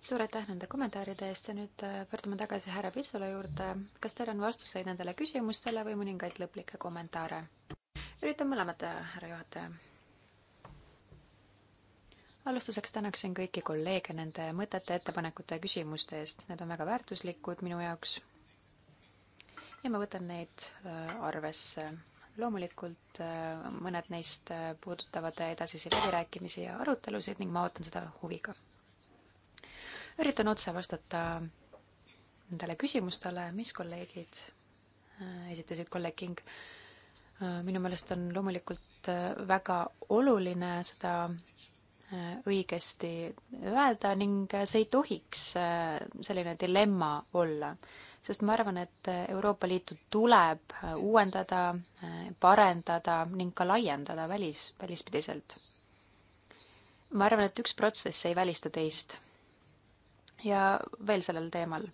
suur aitäh nende kommentaaride eest ja nüüd äh, pöördume tagasi härra Pitsula juurde. kas teil on vastuseid nendele küsimustele või mõningaid lõplikke kommentaare? üritan mõlemat teha, äh, härra juhataja alustuseks tänaksin kõiki kolleege nende mõtete, ettepanekute ja küsimuste eest, need on väga väärtuslikud minu jaoks. ja ma võtan neid äh, arvesse. loomulikult äh, mõned neist äh, puudutavad edasisi läbirääkimisi ja arutelusid ning ma ootan seda huviga. üritan otse vastata nendele küsimustele, mis kolleegid esitasid, kolleeg King. minu meelest on loomulikult väga oluline seda Äh, õigesti öelda ning see ei tohiks äh, selline dilemma olla, sest ma arvan, et Euroopa Liitu tuleb äh, uuendada, parendada ning ka laiendada välis, välispidiselt. ma arvan, et üks protsess ei välista teist. ja veel sellel teemal.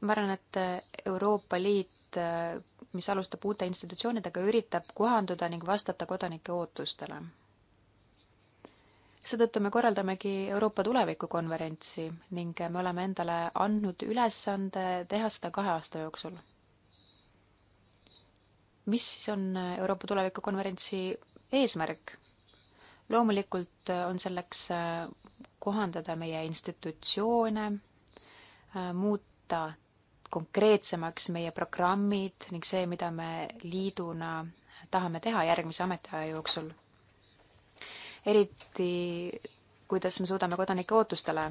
ma arvan, et Euroopa Liit mis alustab uute institutsioonidega, üritab kohanduda ning vastata kodanike ootustele seetõttu me korraldamegi Euroopa tulevikukonverentsi ning me oleme endale andnud ülesande teha seda kahe aasta jooksul. mis siis on Euroopa tulevikukonverentsi eesmärk? loomulikult on selleks äh, kohandada meie institutsioone, äh, muuta konkreetsemaks meie programmid ning see, mida me liiduna tahame teha järgmise ametiaja jooksul eriti kuidas me suudame kodanike ootustele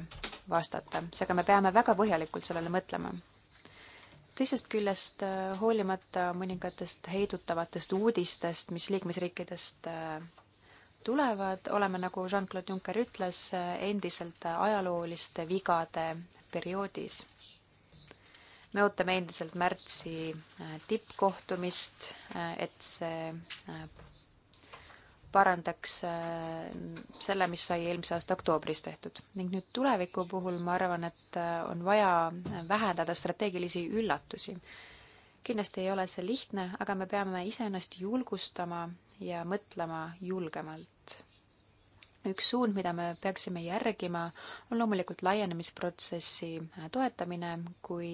vastata, seega me peame väga põhjalikult sellele mõtlema. teisest küljest, äh, hoolimata mõningatest heidutavatest uudistest, mis liikmesriikidest äh, tulevad, oleme, nagu Jean-Claude Juncker ütles, äh, endiselt ajalooliste vigade perioodis. me ootame endiselt märtsi tippkohtumist, et see parandaks äh, selle, mis sai eelmise aasta oktoobris tehtud. ning nüüd tuleviku puhul ma arvan, et äh, on vaja vähendada strateegilisi üllatusi. kindlasti ei ole see lihtne, aga me peame iseennast julgustama ja mõtlema julgemalt. üks suund, mida me peaksime järgima, on loomulikult laienemisprotsessi äh, toetamine, kui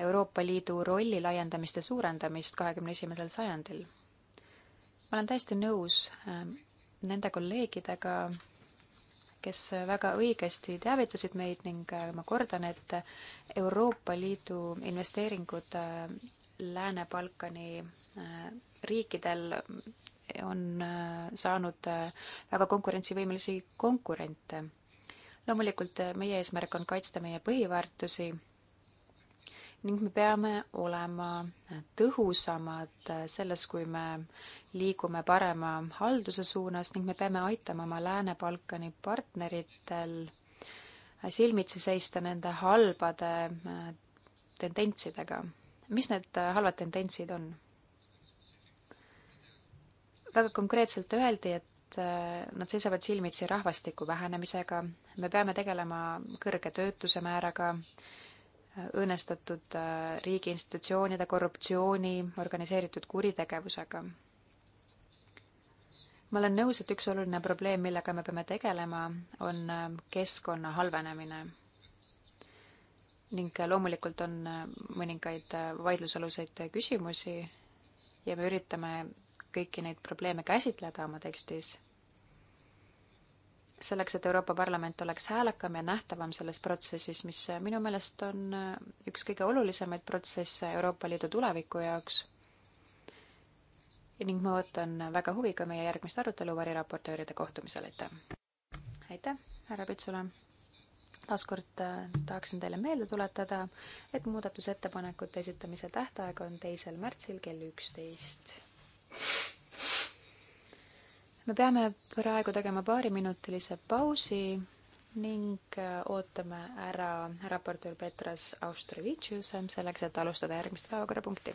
Euroopa Liidu rolli laiendamist ja suurendamist kahekümne esimesel sajandil ma olen täiesti nõus ähm, nende kolleegidega, kes väga õigesti teavitasid meid ning äh, ma kordan, et Euroopa Liidu investeeringud äh, Lääne-Balkani äh, riikidel on saanud väga konkurentsivõimelisi konkurente. loomulikult meie eesmärk on kaitsta meie põhiväärtusi ning me peame olema tõhusamad selles, kui me liigume parema halduse suunas ning me peame aitama oma Lääne-Balkani partneritel silmitsi seista nende halbade äh, tendentsidega. mis need äh, halvad tendentsid on? väga konkreetselt öeldi, et äh, nad seisavad silmitsi rahvastiku vähenemisega, me peame tegelema kõrge töötuse määraga, õõnestatud äh, riigi institutsioonide korruptsiooni, organiseeritud kuritegevusega. ma olen nõus, et üks oluline probleem, millega me peame tegelema, on äh, keskkonna halvenemine. ning äh, loomulikult on mõningaid vaidlusaluseid küsimusi ja me üritame kõiki neid probleeme käsitleda oma tekstis selleks, et Euroopa Parlament oleks häälekam ja nähtavam selles protsessis, mis minu meelest on äh, üks kõige olulisemaid protsesse Euroopa Liidu tuleviku jaoks. ning ma ootan väga huviga meie järgmist arutelu variraportööride kohtumisel, aitäh! aitäh, härra Pitsula! taaskord äh, tahaksin teile meelde tuletada, et muudatusettepanekute esitamise tähtaeg on teisel märtsil kell üksteist me peame praegu tegema paariminutilise pausi ning äh, ootame ära raportöör Petras Austrevitšuse selleks, et alustada järgmist päevakorrapunkti.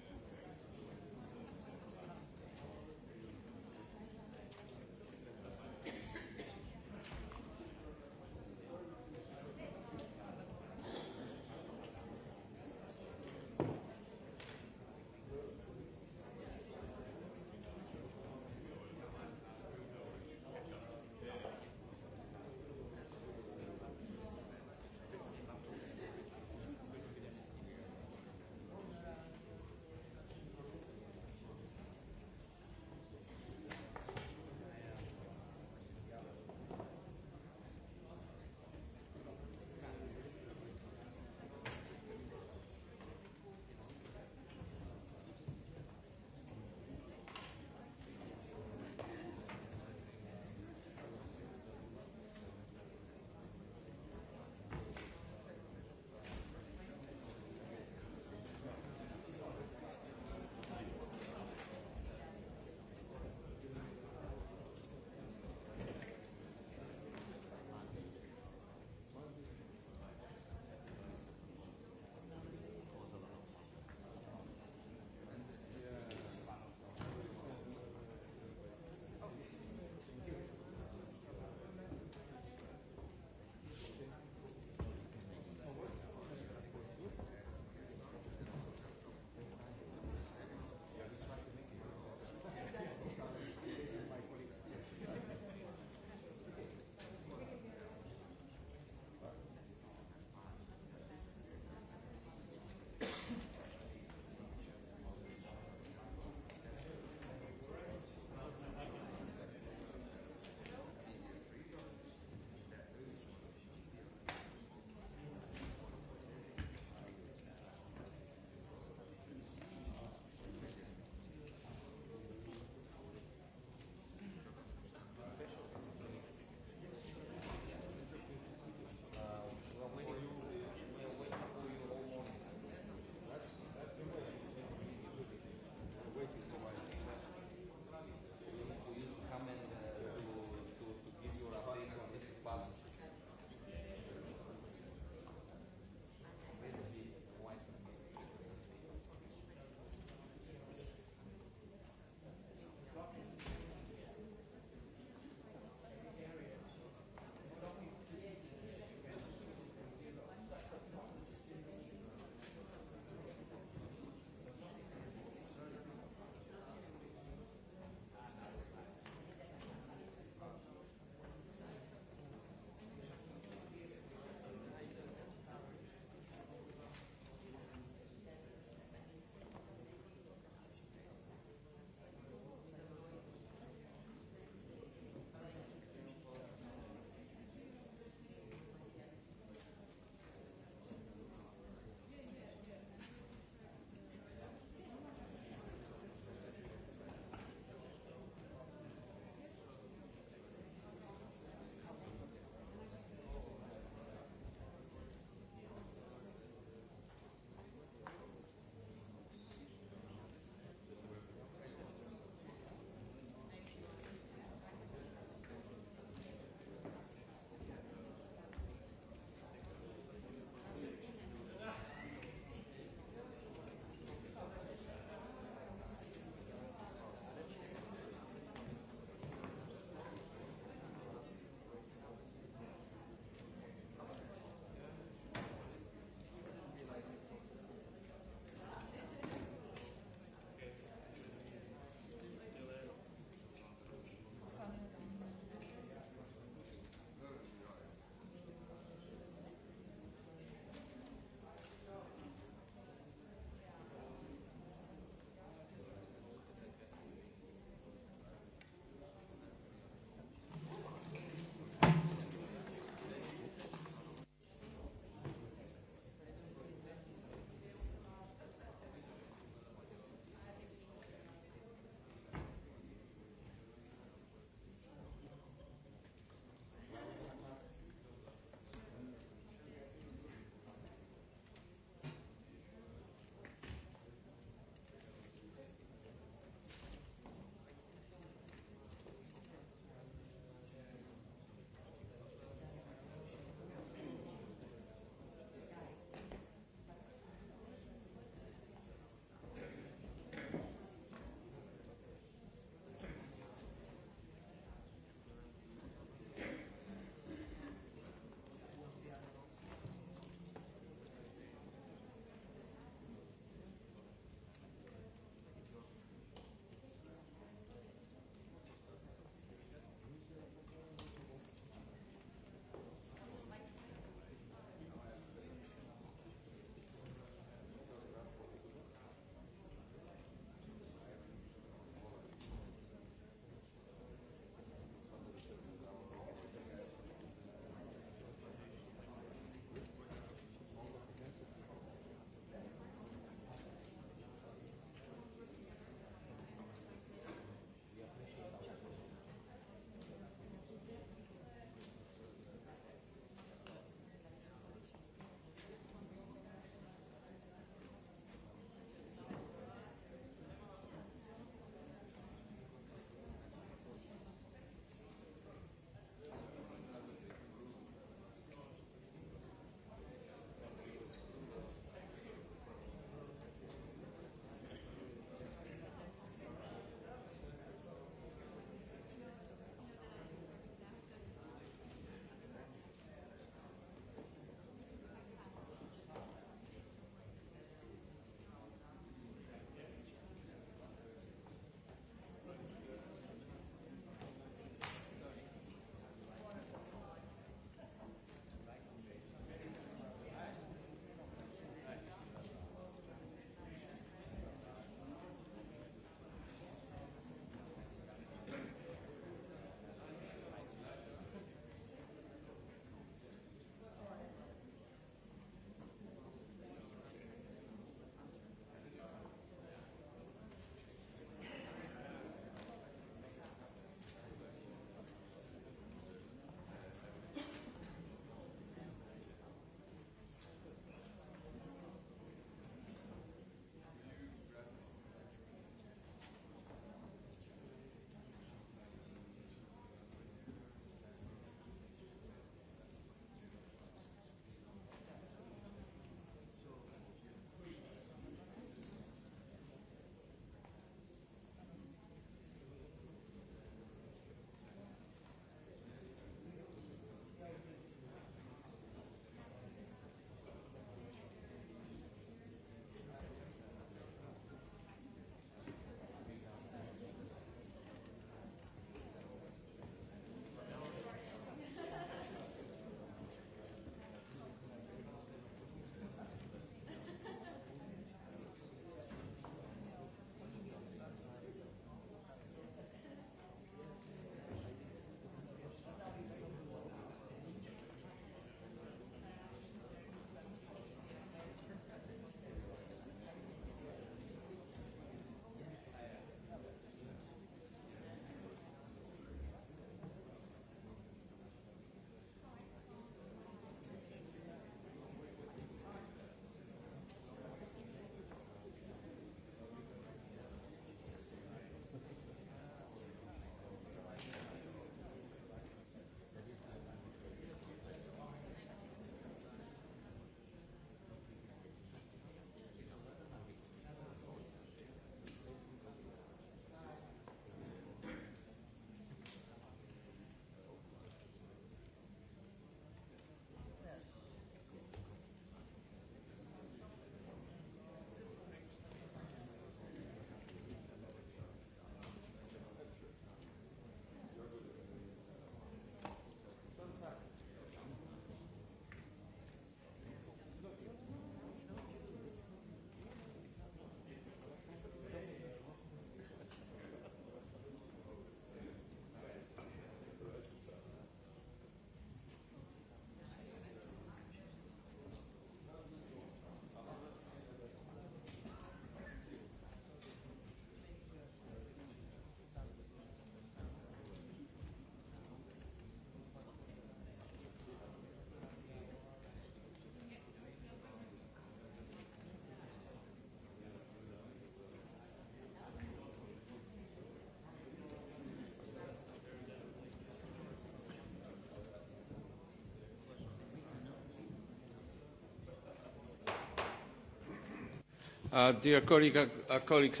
Uh, dear colleague, uh, uh, colleagues.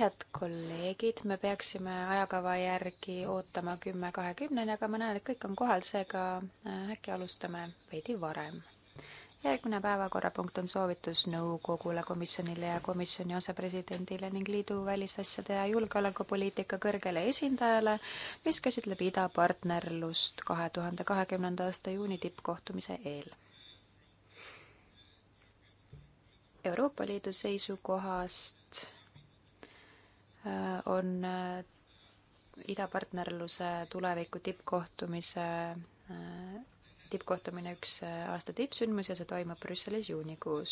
head kolleegid, me peaksime ajakava järgi ootama kümme kahekümneni, aga ma näen, et kõik on kohal, seega äh, äkki alustame veidi varem. järgmine päevakorrapunkt on soovitus nõukogule, komisjonile ja komisjoni asepresidendile ning liidu välisasjade ja julgeolekupoliitika kõrgele esindajale, mis käsitleb idapartnerlust kahe tuhande kahekümnenda aasta juuni tippkohtumise eel Euroopa Liidu seisukohast äh, on äh, idapartnerluse tuleviku tippkohtumise, äh, tippkohtumine üks aasta tippsündmus ja see toimub Brüsselis juunikuus.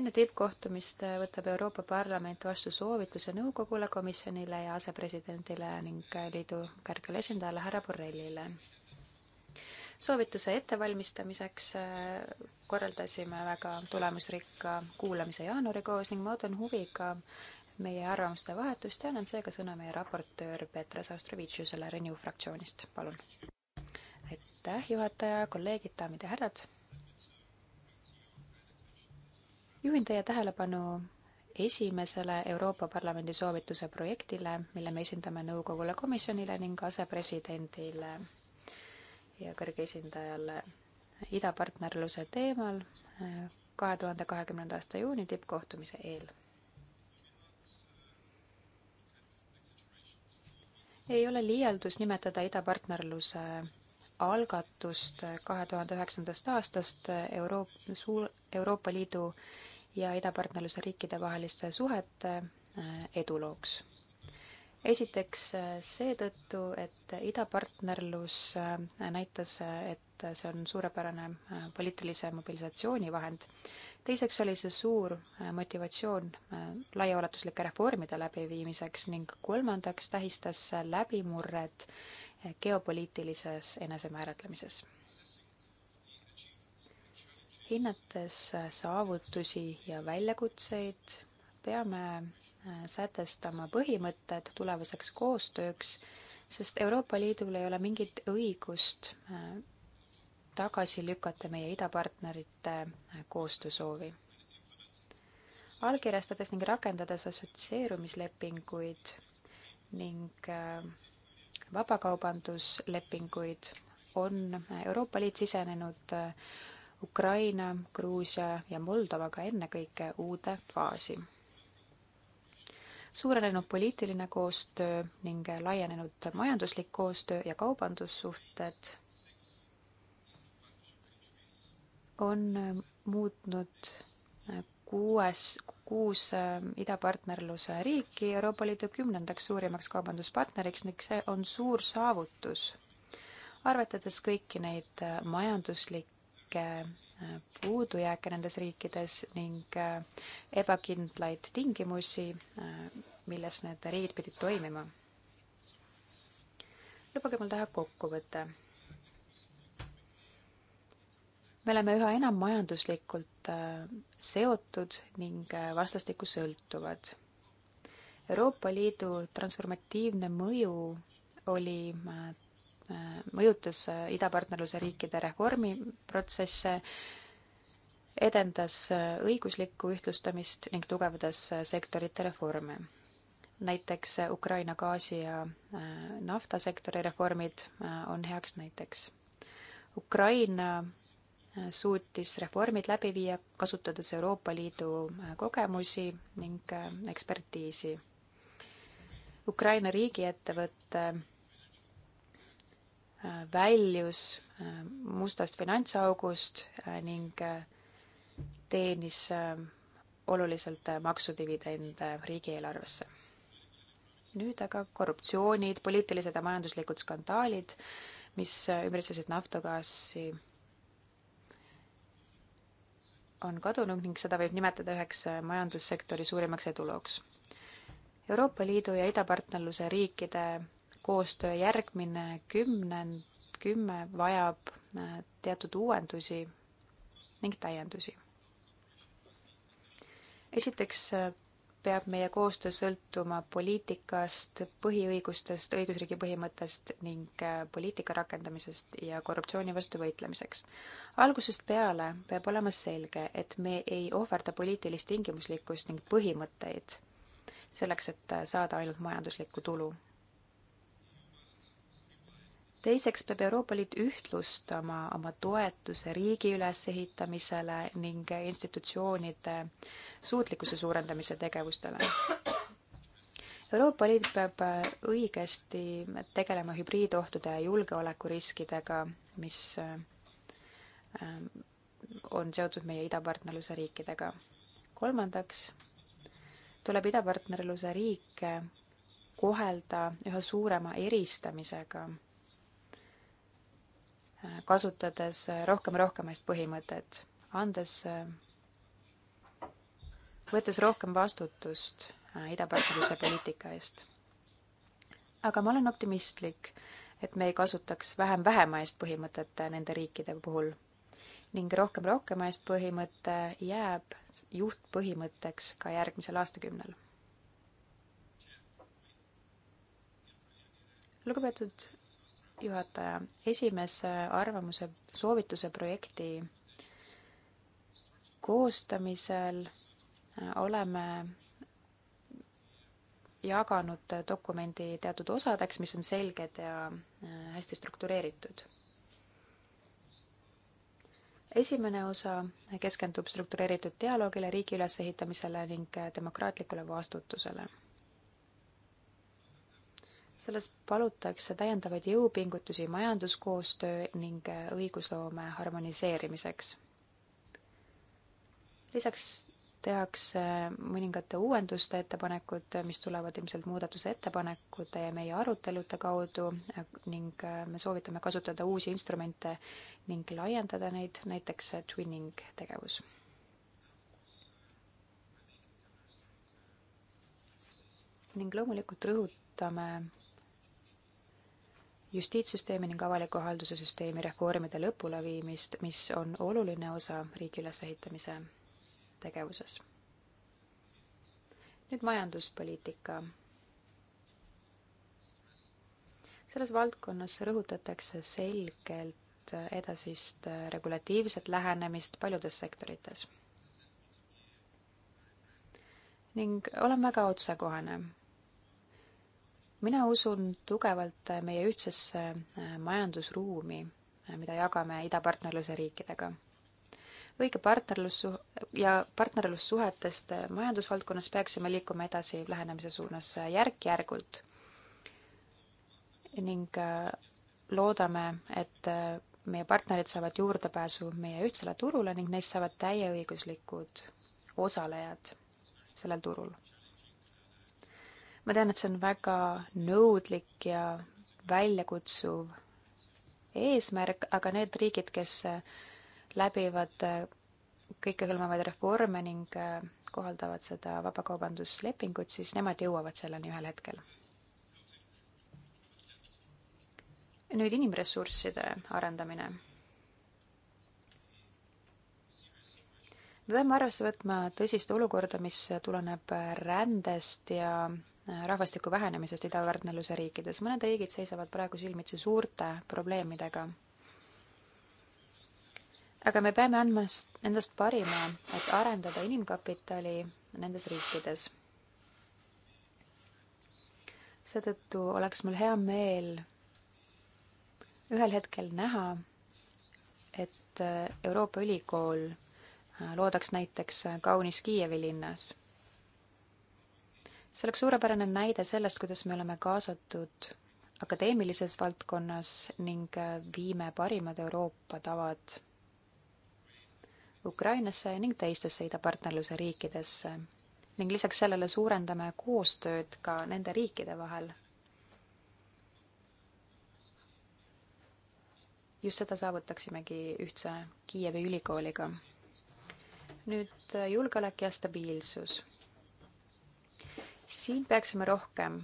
enne tippkohtumist võtab Euroopa Parlament vastu soovituse nõukogule, komisjonile ja asepresidendile ning liidu kõrgele esindajale härra Borrellile soovituse ettevalmistamiseks äh, korraldasime väga tulemusrikka kuulamise jaanuarikuus ning ma ootan huviga meie arvamuste vahetust ja annan seega sõna meie raportöör Petras Austrovitšusele Renew fraktsioonist, palun. aitäh, juhataja, kolleegid, daamid ja härrad. juhin teie tähelepanu esimesele Euroopa Parlamendi soovituse projektile, mille me esindame nõukogule, komisjonile ning asepresidendile ja kõrge esindajale idapartnerluse teemal äh, kahe tuhande kahekümnenda aasta juuni tippkohtumise eel. ei ole liialdus nimetada idapartnerluse algatust kahe tuhande üheksandast aastast Euroop-, suur, Euroopa Liidu ja idapartnerluse riikide vaheliste suhete äh, edulooks esiteks äh, seetõttu, et idapartnerlus äh, näitas, äh, et see on suurepärane poliitilise mobilisatsiooni vahend. teiseks oli see suur motivatsioon laiaulatuslike reformide läbiviimiseks ning kolmandaks tähistas see läbimurret geopoliitilises enesemääratlemises. hinnates saavutusi ja väljakutseid, peame sätestama põhimõtted tulevaseks koostööks, sest Euroopa Liidul ei ole mingit õigust äh, tagasi lükata meie idapartnerite äh, koostöösoovi. allkirjastades ning rakendades assotsieerumislepinguid ning äh, vabakaubanduslepinguid on Euroopa Liit sisenenud Ukraina, Gruusia ja Moldovaga ennekõike uude faasi suurenenud poliitiline koostöö ning laienenud majanduslik koostöö ja kaubandussuhted on muutnud kuues, kuus äh, idapartnerluse riiki Euroopa Liidu kümnendaks suurimaks kaubanduspartneriks ning see on suur saavutus, arvetades kõiki neid äh, majanduslikke puudujääke nendes riikides ning äh, ebakindlaid tingimusi, äh, milles need riigid pidid toimima. lubage mul teha kokkuvõte. me oleme üha enam majanduslikult äh, seotud ning vastastikku sõltuvad. Euroopa Liidu transformatiivne mõju oli mõjutas äh, idapartnerluse riikide reformiprotsesse, edendas äh, õiguslikku ühtlustamist ning tugevdas äh, sektorite reforme. näiteks Ukraina gaasi ja naftasektori reformid on heaks näiteks. Ukraina suutis reformid läbi viia, kasutades Euroopa Liidu kogemusi ning ekspertiisi. Ukraina riigiettevõte väljus äh, mustast finantsaugust äh, ning äh, teenis oluliselt maksudividende riigieelarvesse. nüüd aga korruptsioonid, poliitilised ja majanduslikud skandaalid, mis ümbritsesid naftogaasi, on kadunud ning seda võib nimetada üheks majandussektori suurimaks edulooks. Euroopa Liidu ja idapartnerluse riikide koostöö järgmine kümnend, kümme vajab äh, teatud uuendusi ning täiendusi. esiteks äh, peab meie koostöö sõltuma poliitikast, põhiõigustest, õigusriigi põhimõttest ning äh, poliitika rakendamisest ja korruptsiooni vastu võitlemiseks. algusest peale peab olema selge, et me ei ohverda poliitilist tingimuslikkust ning põhimõtteid selleks, et saada ainult majanduslikku tulu teiseks peab Euroopa Liit ühtlustama oma toetuse riigi ülesehitamisele ning institutsioonide suutlikkuse suurendamise tegevustele. Euroopa Liit peab õigesti tegelema hübriidohtude ja julgeolekuriskidega, mis ähm, on seotud meie idapartnerluse riikidega. kolmandaks tuleb idapartnerluse riike kohelda üha suurema eristamisega kasutades äh, rohkem rohkemast põhimõtet, andes, äh, võttes rohkem vastutust äh, idapartnerluse poliitika eest. aga ma olen optimistlik, et me ei kasutaks vähem vähema eest põhimõtet nende riikide puhul ning rohkem rohkema eest põhimõte jääb juhtpõhimõtteks ka järgmisel aastakümnel. lugupeetud juhataja, esimese arvamuse soovituse projekti koostamisel äh, oleme jaganud dokumendi teatud osadeks, mis on selged ja äh, hästi struktureeritud. esimene osa keskendub struktureeritud dialoogile, riigi ülesehitamisele ning demokraatlikule vastutusele selles palutakse täiendavaid jõupingutusi majanduskoostöö ning õigusloome harmoniseerimiseks. lisaks tehakse mõningate uuenduste ettepanekud, mis tulevad ilmselt muudatusettepanekute ja meie arutelude kaudu ning me soovitame kasutada uusi instrumente ning laiendada neid, näiteks twinning tegevus ning loomulikult rõhutame justiitssüsteemi ning avaliku halduse süsteemi reformide lõpuleviimist, mis on oluline osa riigi ülesehitamise tegevuses. nüüd majanduspoliitika. selles valdkonnas rõhutatakse selgelt edasist regulatiivset lähenemist paljudes sektorites ning olen väga otsekohene mina usun tugevalt äh, meie ühtsesse äh, majandusruumi, äh, mida jagame idapartnerluse riikidega õige partnerlussu- ja partnerlussuhetest majandusvaldkonnas peaksime liikuma edasi lähenemise suunas järk-järgult. ning loodame, et meie partnerid saavad juurdepääsu meie ühtsele turule ning neist saavad täieõiguslikud osalejad sellel turul ma tean, et see on väga nõudlik ja väljakutsuv eesmärk, aga need riigid, kes äh, läbivad äh, kõikehõlmavaid reforme ning äh, kohaldavad seda vabakaubanduslepingut, siis nemad jõuavad selleni ühel hetkel. nüüd inimressursside arendamine. me peame arvesse võtma tõsist olukorda, mis tuleneb rändest ja rahvastiku vähenemisest idapartnerluse riikides. mõned riigid seisavad praegu silmitsi suurte probleemidega. aga me peame andma endast parima, et arendada inimkapitali nendes riikides. seetõttu oleks mul hea meel ühel hetkel näha, et Euroopa Ülikool loodaks näiteks kaunis Kiievi linnas see oleks suurepärane näide sellest, kuidas me oleme kaasatud akadeemilises valdkonnas ning äh, viime parimad Euroopa tavad Ukrainasse ning teistesse idapartnerluse riikidesse ning lisaks sellele suurendame koostööd ka nende riikide vahel. just seda saavutaksimegi ühtse Kiievi ülikooliga. nüüd äh, julgeolek ja stabiilsus siin peaksime rohkem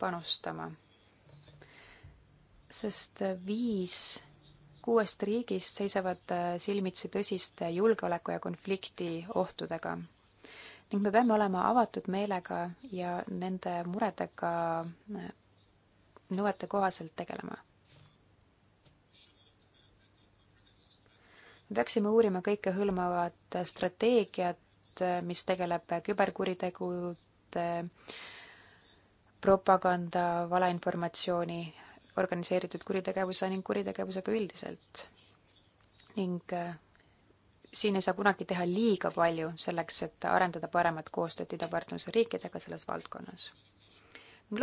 panustama, sest viis kuuest riigist seisavad äh, silmitsi tõsiste julgeoleku ja konflikti ohtudega ning me peame olema avatud meelega ja nende muredega äh, nõuete kohaselt tegelema. me peaksime uurima kõikehõlmavat äh, strateegiat, mis tegeleb küberkuritegude et propaganda, valeinformatsiooni, organiseeritud kuritegevuse ning kuritegevusega üldiselt. ning äh, siin ei saa kunagi teha liiga palju selleks, et arendada paremat koostööd idapartnerluse riikidega selles valdkonnas.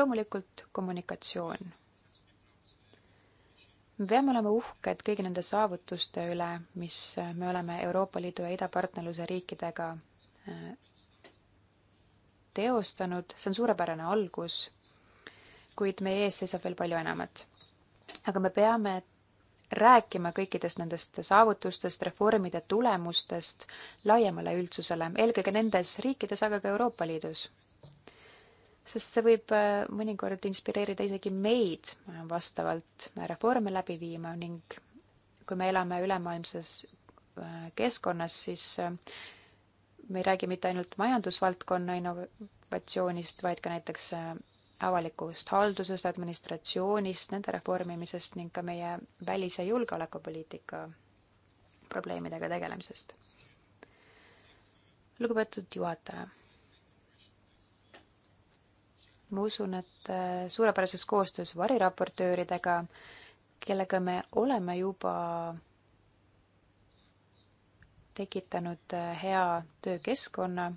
loomulikult kommunikatsioon. me peame olema uhked kõigi nende saavutuste üle, mis me oleme Euroopa Liidu ja idapartnerluse riikidega äh, teostanud, see on suurepärane algus, kuid meie ees seisab veel palju enamat. aga me peame rääkima kõikidest nendest saavutustest, reformide tulemustest laiemale üldsusele, eelkõige nendes riikides, aga ka Euroopa Liidus. sest see võib äh, mõnikord inspireerida isegi meid vastavalt reforme läbi viima ning kui me elame ülemaailmses äh, keskkonnas, siis äh, me ei räägi mitte ainult majandusvaldkonna innovatsioonist, vaid ka näiteks äh, avalikust haldusest, administratsioonist, nende reformimisest ning ka meie välise julgeolekupoliitika probleemidega tegelemisest. lugupeetud juhataja. ma usun, et äh, suurepärases koostöös variraportööridega, kellega me oleme juba tekitanud äh, hea töökeskkonna.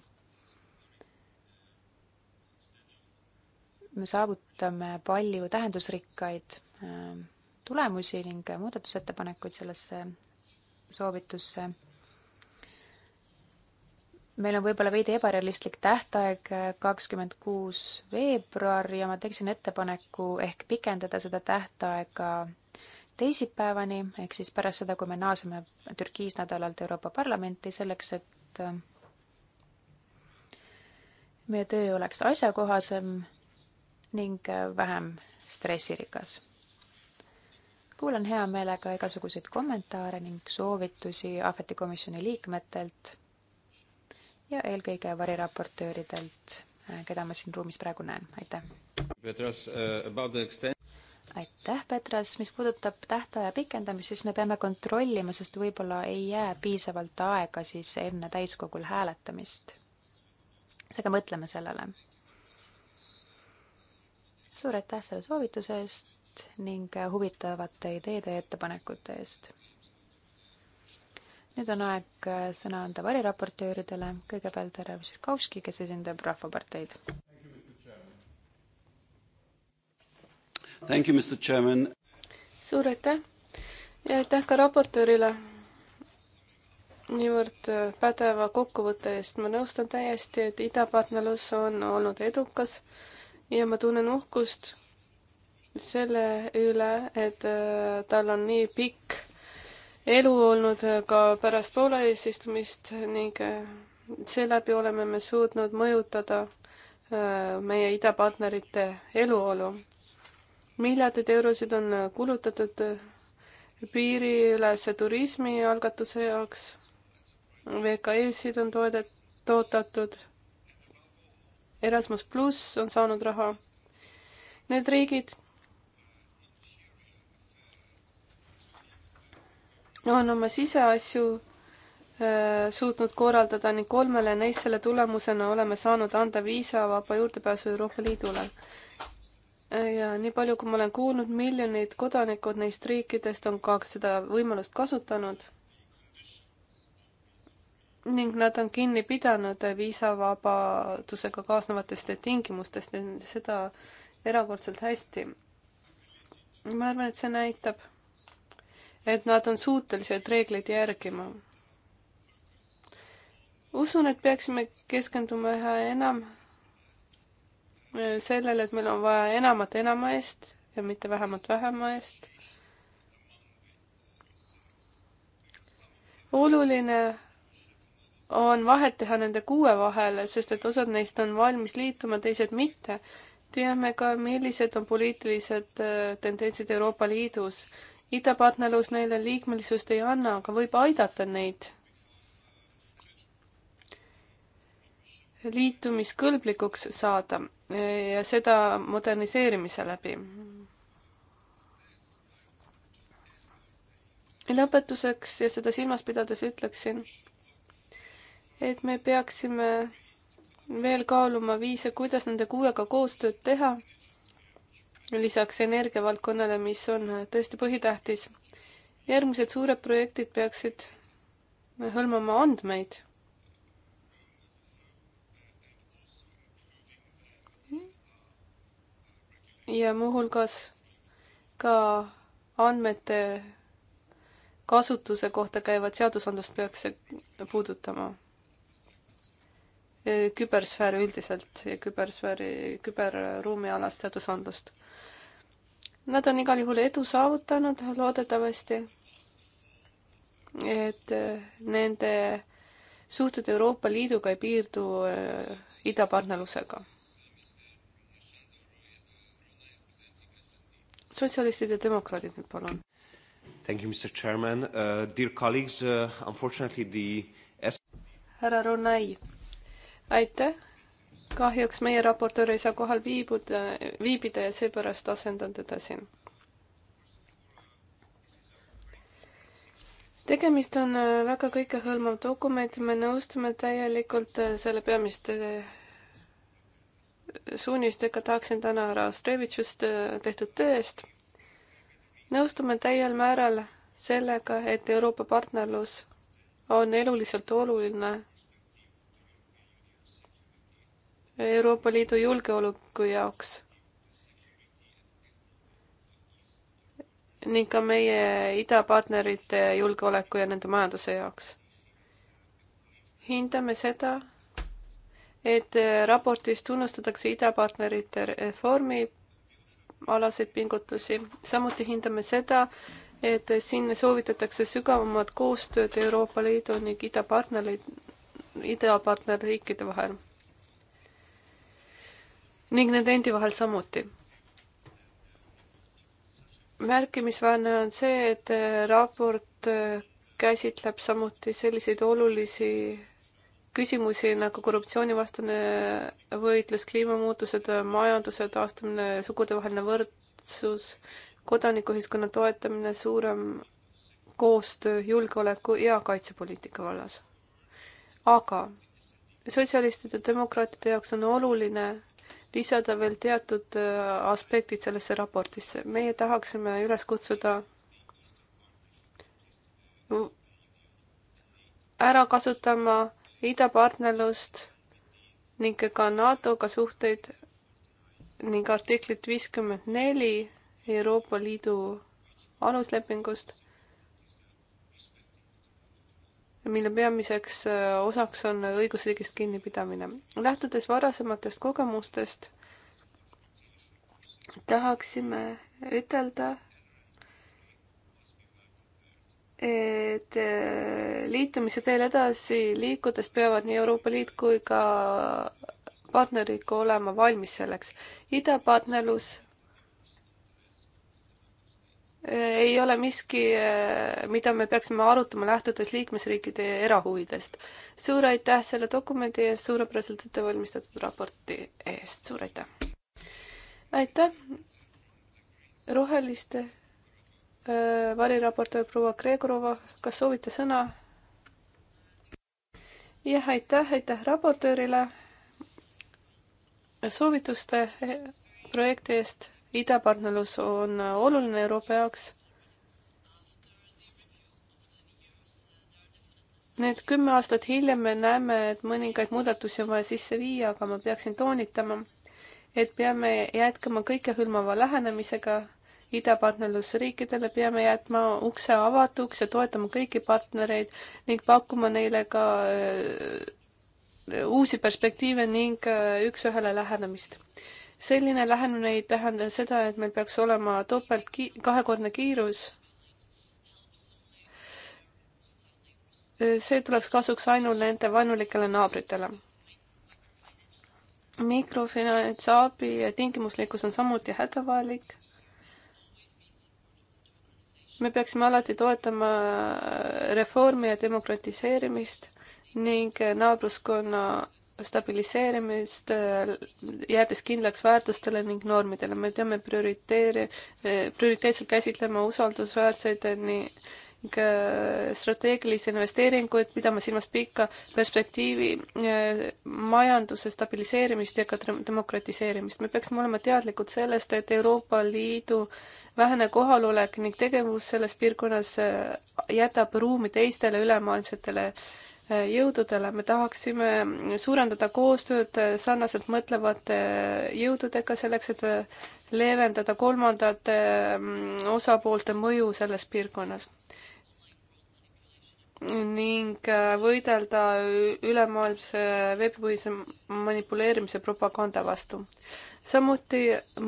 me saavutame palju tähendusrikkaid äh, tulemusi ning muudatusettepanekuid sellesse soovitusse. meil on võib-olla veidi ebarealistlik tähtaeg, äh, kakskümmend kuus veebruar ja ma teeksin ettepaneku ehk pikendada seda tähtaega teisipäevani, ehk siis pärast seda, kui me naaseme Türgis nädalalt Euroopa Parlamenti, selleks et äh, meie töö oleks asjakohasem ning äh, vähem stressirikas. kuulan hea meelega igasuguseid kommentaare ning soovitusi ahvetikomisjoni liikmetelt ja eelkõige variraportööridelt, äh, keda ma siin ruumis praegu näen, aitäh! aitäh, Petras, mis puudutab tähtaja pikendamist, siis me peame kontrollima, sest võib-olla ei jää piisavalt aega siis enne täiskogul hääletamist. seega mõtleme sellele. suur aitäh selle soovituse eest ning huvitavate ideede ja ettepanekute eest. nüüd on aeg sõna anda variraportööridele, kõigepealt härra Všiškovski, kes esindab Rahvaparteid. suur aitäh ja aitäh ka raportöörile niivõrd äh, pädeva kokkuvõtte eest. ma nõustan täiesti, et idapartnerlus on olnud edukas ja ma tunnen uhkust selle üle, et äh, tal on nii pikk elu olnud äh, ka pärast Poola eesistumist ning seeläbi oleme me suutnud mõjutada meie idapartnerite eluolu miljardeid eurosid on kulutatud piiriülese turismi algatuse jaoks, VKE-sid on toodet-, toodatud, Erasmus pluss on saanud raha. Need riigid on oma siseasju äh, suutnud korraldada ning kolmele neissele tulemusena oleme saanud anda viisavaba juurdepääsu Euroopa Liidule ja nii palju, kui ma olen kuulnud, miljonid kodanikud neist riikidest on ka seda võimalust kasutanud. ning nad on kinni pidanud viisavabadusega kaasnevatest tingimustest ja seda erakordselt hästi. ma arvan, et see näitab, et nad on suutelised reegleid järgima. usun, et peaksime keskenduma üha enam Äh, sellele, et meil on vaja enamat enama eest ja mitte vähemat vähema eest. oluline on vahet teha nende kuue vahel, sest et osad neist on valmis liituma, teised mitte. teame ka, millised on poliitilised äh, tendentsid Euroopa Liidus. idapartnerlus neile liikmelisust ei anna, aga võib aidata neid liitumiskõlblikuks saada ja seda moderniseerimise läbi. lõpetuseks ja seda silmas pidades ütleksin, et me peaksime veel kaaluma viise, kuidas nende kuuega koostööd teha, lisaks energiavaldkonnale, mis on tõesti põhitähtis. järgmised suured projektid peaksid hõlmama andmeid ja muuhulgas ka andmete kasutuse kohta käivat seadusandlust peaks see puudutama. kübersfääri üldiselt ja kübersfääri, küberruumialast seadusandlust. Nad on igal juhul edu saavutanud, loodetavasti. et e, nende suhted Euroopa Liiduga ei piirdu e, idapartnerlusega sotsialistid ja demokraadid nüüd, palun. Thank you, Mr Chairman uh,. Dear colleagues uh,, unfortunately the härra Runai, aitäh. kahjuks meie raportöör ei saa kohal viibuda, viibida ja seepärast asendan teda siin tegemist on uh, väga kõikehõlmav dokument ja me nõustume täielikult uh, selle peamiste suunistega tahaksin täna härra Ostrevitšust äh, tehtud töö eest. nõustume täiel määral sellega, et Euroopa partnerlus on eluliselt oluline Euroopa Liidu julgeoleku jaoks ning ka meie idapartnerite julgeoleku ja nende majanduse jaoks. hindame seda, et äh, raportis tunnustatakse idapartnerite reformi alaseid pingutusi. samuti hindame seda, et siin soovitatakse sügavamat koostööd Euroopa Liidu ning idapartnerid, idapartnerriikide vahel. ning nende endi vahel samuti. märkimisväärne on see, et äh, raport äh, käsitleb samuti selliseid olulisi küsimusi nagu korruptsioonivastane võitlus, kliimamuutused, majanduse taastamine, sugudevaheline võrdsus, kodanikuühiskonna toetamine, suurem koostöö julgeoleku ja kaitsepoliitika vallas. aga sotsialistide ja demokraatide jaoks on oluline lisada veel teatud äh, aspektid sellesse raportisse. meie tahaksime üles kutsuda ära kasutama idapartnerlust ning ka NATO-ga suhteid ning artiklit viiskümmend neli Euroopa Liidu aluslepingust, mille peamiseks äh, osaks on õigusriigist kinnipidamine. lähtudes varasematest kogemustest, tahaksime ütelda, et äh, liitumise teel edasi liikudes peavad nii Euroopa Liit kui ka partnerid olema valmis selleks. idapartnerlus äh, ei ole miski, äh, mida me peaksime arutama, lähtudes liikmesriikide erahuvidest. suur aitäh selle dokumendi eest, suurepäraselt ettevalmistatud raporti eest, suur aitäh! aitäh! roheliste Äh, variraportöör proua Gregorova, kas soovite sõna? jah, aitäh, aitäh raportöörile soovituste eh, projekti eest. idapartnerlus on äh, oluline Euroopa jaoks. Need kümme aastat hiljem me näeme, et mõningaid muudatusi on vaja sisse viia, aga ma peaksin toonitama, et peame jätkama kõikehõlmava lähenemisega idapartnerlusriikidele, peame jätma ukse avatuks ja toetama kõiki partnereid ning pakkuma neile ka äh, uusi perspektiive ning äh, üks-ühele lähenemist selline lähenemine ei tähenda seda, et meil peaks olema topelt ki-, kahekordne kiirus. see tuleks kasuks ainult nende vaenulikele naabritele. mikrofinantsabi tingimuslikkus on samuti hädavajalik me peaksime alati toetama reformi ja demokratiseerimist ning naabruskonna stabiliseerimist, jäädes kindlaks väärtustele ning normidele. me peame prioriteeri-, prioriteetselt käsitlema usaldusväärseid nii Äh, strateegilisi investeeringuid, pidama silmas pikka perspektiivi, äh, majanduse stabiliseerimist ja ka demokratiseerimist. me peaksime olema teadlikud sellest, et Euroopa Liidu vähene kohalolek ning tegevus selles piirkonnas äh, jätab ruumi teistele ülemaailmsetele jõududele, me tahaksime suurendada koostööd sarnaselt mõtlevate jõududega selleks, et leevendada kolmandate mm, osapoolte mõju selles piirkonnas ning äh, võidelda ülemaailmse veebipõhise manipuleerimise propaganda vastu. samuti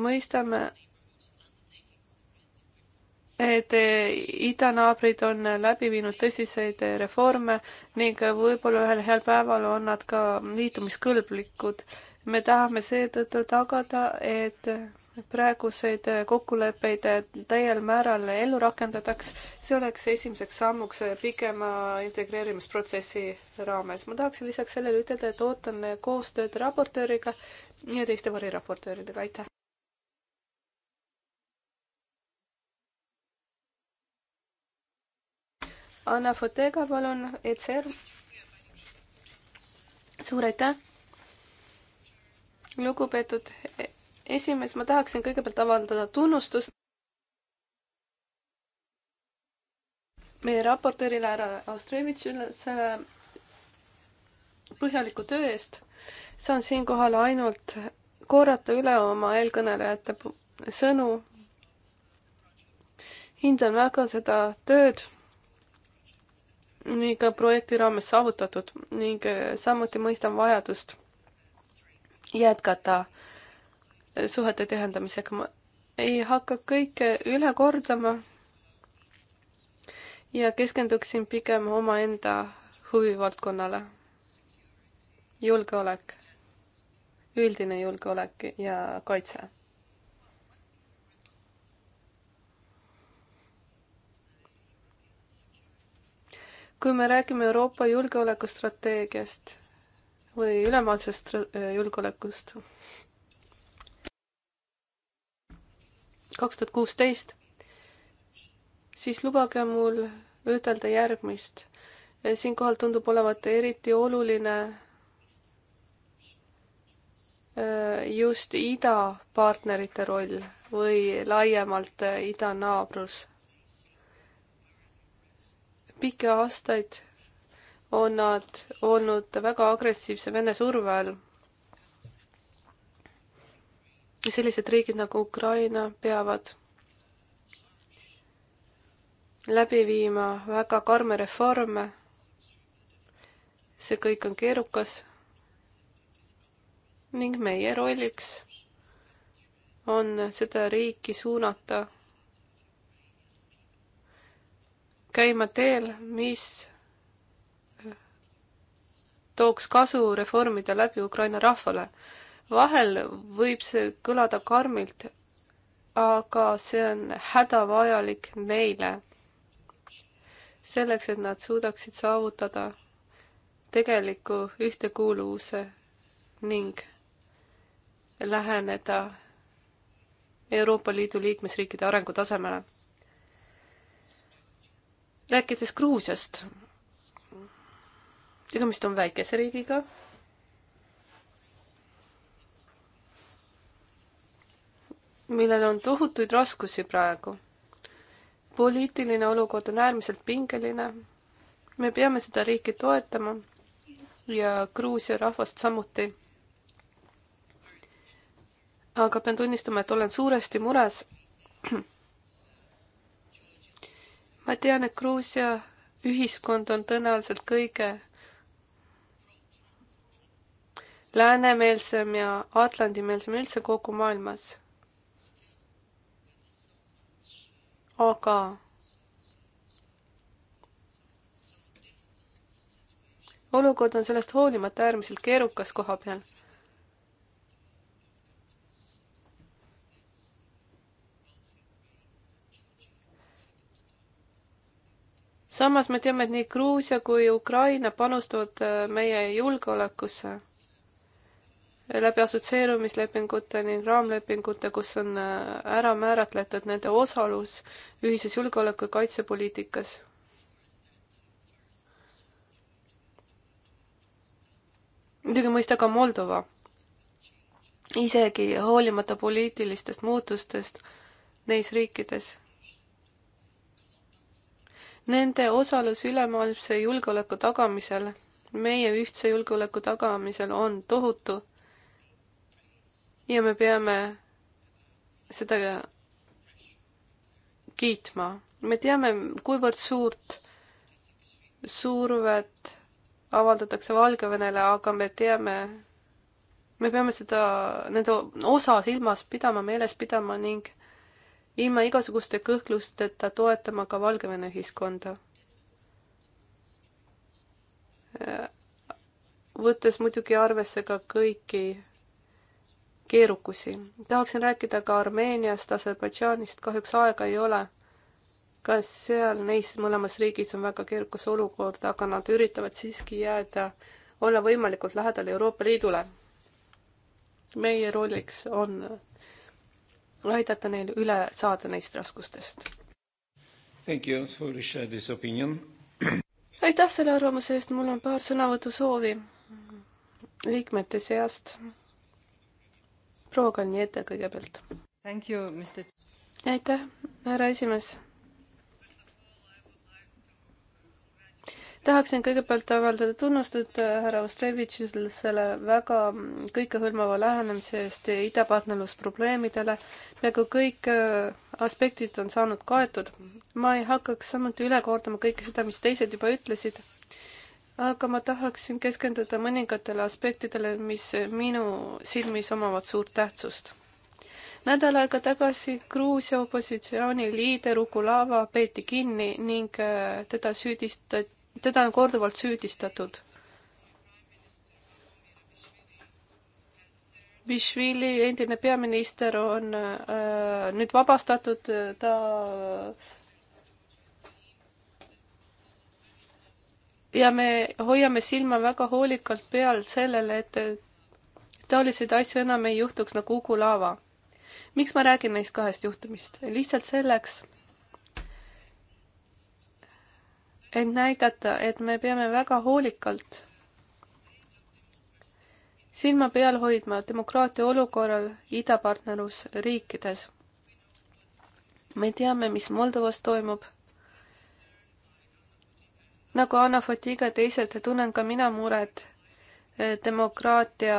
mõistame, et äh, idanaabrid on läbi viinud tõsiseid äh, reforme ning võib-olla ühel heal päeval on nad ka liitumiskõlblikud. me tahame seetõttu tagada, et praeguseid äh, kokkuleppeid äh, täiel määral ellu rakendataks, see oleks esimeseks sammuks äh, pikema integreerimisprotsessi raames. ma tahaksin lisaks sellele ütelda, et ootan koostööd raportööriga ja teiste variraportööridega, aitäh! Anna Fotega, palun, ECR. suur aitäh! lugupeetud esimees, ma tahaksin kõigepealt avaldada tunnustust meie raportöörile härra Austrevitšile selle põhjaliku töö eest. saan siinkohal ainult korrata üle oma eelkõnelejate sõnu. hindan väga seda tööd, nii ka projekti raames saavutatud ning samuti mõistan vajadust jätkata äh, suhete tihendamisega. ma ei hakka kõike üle kordama ja keskenduksin pigem omaenda huvivaldkonnale. julgeolek, üldine julgeolek ja kaitse. kui me räägime Euroopa julgeolekustrateegiast või ülemaailmsest eh, julgeolekust, kaks tuhat kuusteist, siis lubage mul ütelda järgmist. siinkohal tundub olevat eriti oluline äh, just idapartnerite roll või laiemalt äh, idanaabrus. pikki aastaid on nad olnud väga agressiivse Vene surve all sellised riigid nagu Ukraina peavad läbi viima väga karme reforme. see kõik on keerukas. ning meie rolliks on seda riiki suunata käima teel, mis tooks kasu reformide läbi Ukraina rahvale vahel võib see kõlada karmilt, aga see on hädavajalik neile. selleks, et nad suudaksid saavutada tegeliku ühtekuuluvuse ning läheneda Euroopa Liidu liikmesriikide arengutasemele. rääkides Gruusiast, tegemist on väikese riigiga millel on tohutuid raskusi praegu. poliitiline olukord on äärmiselt pingeline. me peame seda riiki toetama ja Gruusia rahvast samuti. aga pean tunnistama, et olen suuresti mures. ma tean, et Gruusia ühiskond on tõenäoliselt kõige läänemeelsem ja Atlandi-meelsem üldse kogu maailmas aga olukord on sellest hoolimata äärmiselt keerukas koha peal. samas me teame, et nii Gruusia kui Ukraina panustavad äh, meie julgeolekusse läbi assotsieerumislepingute ning raamlepingute, kus on äh, ära määratletud nende osalus ühises julgeoleku- ja kaitsepoliitikas. muidugi mõista ka Moldova. isegi hoolimata poliitilistest muutustest neis riikides. Nende osalus ülemaailmse julgeoleku tagamisel, meie ühtse julgeoleku tagamisel on tohutu ja me peame seda kiitma. me teame, kuivõrd suurt survet avaldatakse Valgevenele, aga me teame, me peame seda, nende osa silmas pidama, meeles pidama ning ilma igasuguste kõhklusteta toetama ka Valgevene ühiskonda. võttes muidugi arvesse ka kõiki keerukusi. tahaksin rääkida ka Armeeniast, Aserbaidžaanist, kahjuks aega ei ole. ka seal neis mõlemas riigis on väga keerukas olukord, aga nad üritavad siiski jääda, olla võimalikult lähedal Euroopa Liidule. meie rolliks on aidata neil üle saada neist raskustest. Thank you for this opinion. aitäh selle arvamuse eest, mul on paar sõnavõtusoovi liikmete seast proua Kalniete kõigepealt. aitäh, härra esimees. tahaksin kõigepealt avaldada tunnustust äh, härra Ostrevitšile selle väga kõikehõlmava lähenemise eest idapartnerlusprobleemidele. peaaegu kõik äh, aspektid on saanud kaetud. ma ei hakkaks samuti üle kordama kõike seda, mis teised juba ütlesid aga ma tahaksin keskenduda mõningatele aspektidele, mis minu silmis omavad suurt tähtsust. nädal aega tagasi Gruusia opositsiooni liider Ukulava peeti kinni ning äh, teda süüdistati, teda on korduvalt süüdistatud. Bishvili endine peaminister on äh, nüüd vabastatud, ta äh, ja me hoiame silma väga hoolikalt peal sellele, et taoliseid asju enam ei juhtuks nagu Uku Laava. miks ma räägin neist kahest juhtumist? lihtsalt selleks, et näidata, et me peame väga hoolikalt silma peal hoidma demokraatia olukorral idapartnerlusriikides. me teame, mis Moldovas toimub nagu Anna Fatiga teised, tunnen ka mina muret eh, demokraatia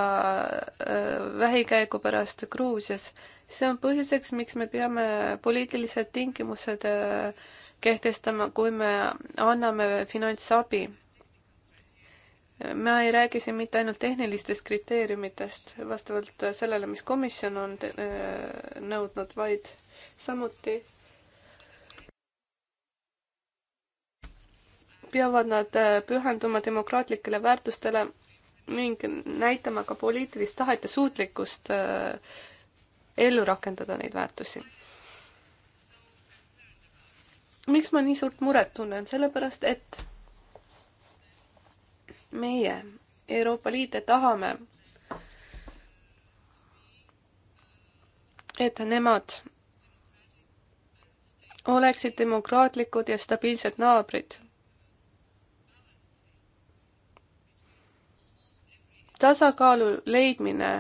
eh, vähikäigu pärast Gruusias. see on põhjuseks, miks me peame poliitilised tingimused eh, kehtestama, kui me anname finantsabi. ma ei räägi siin mitte ainult tehnilistest kriteeriumitest vastavalt sellele, mis komisjon on nõudnud, vaid samuti peavad nad äh, pühenduma demokraatlikele väärtustele ning näitama ka poliitilist tahet ja suutlikkust äh, ellu rakendada neid väärtusi. miks ma nii suurt muret tunnen, sellepärast et meie, Euroopa Liit, tahame, et nemad oleksid demokraatlikud ja stabiilsed naabrid tasakaalu leidmine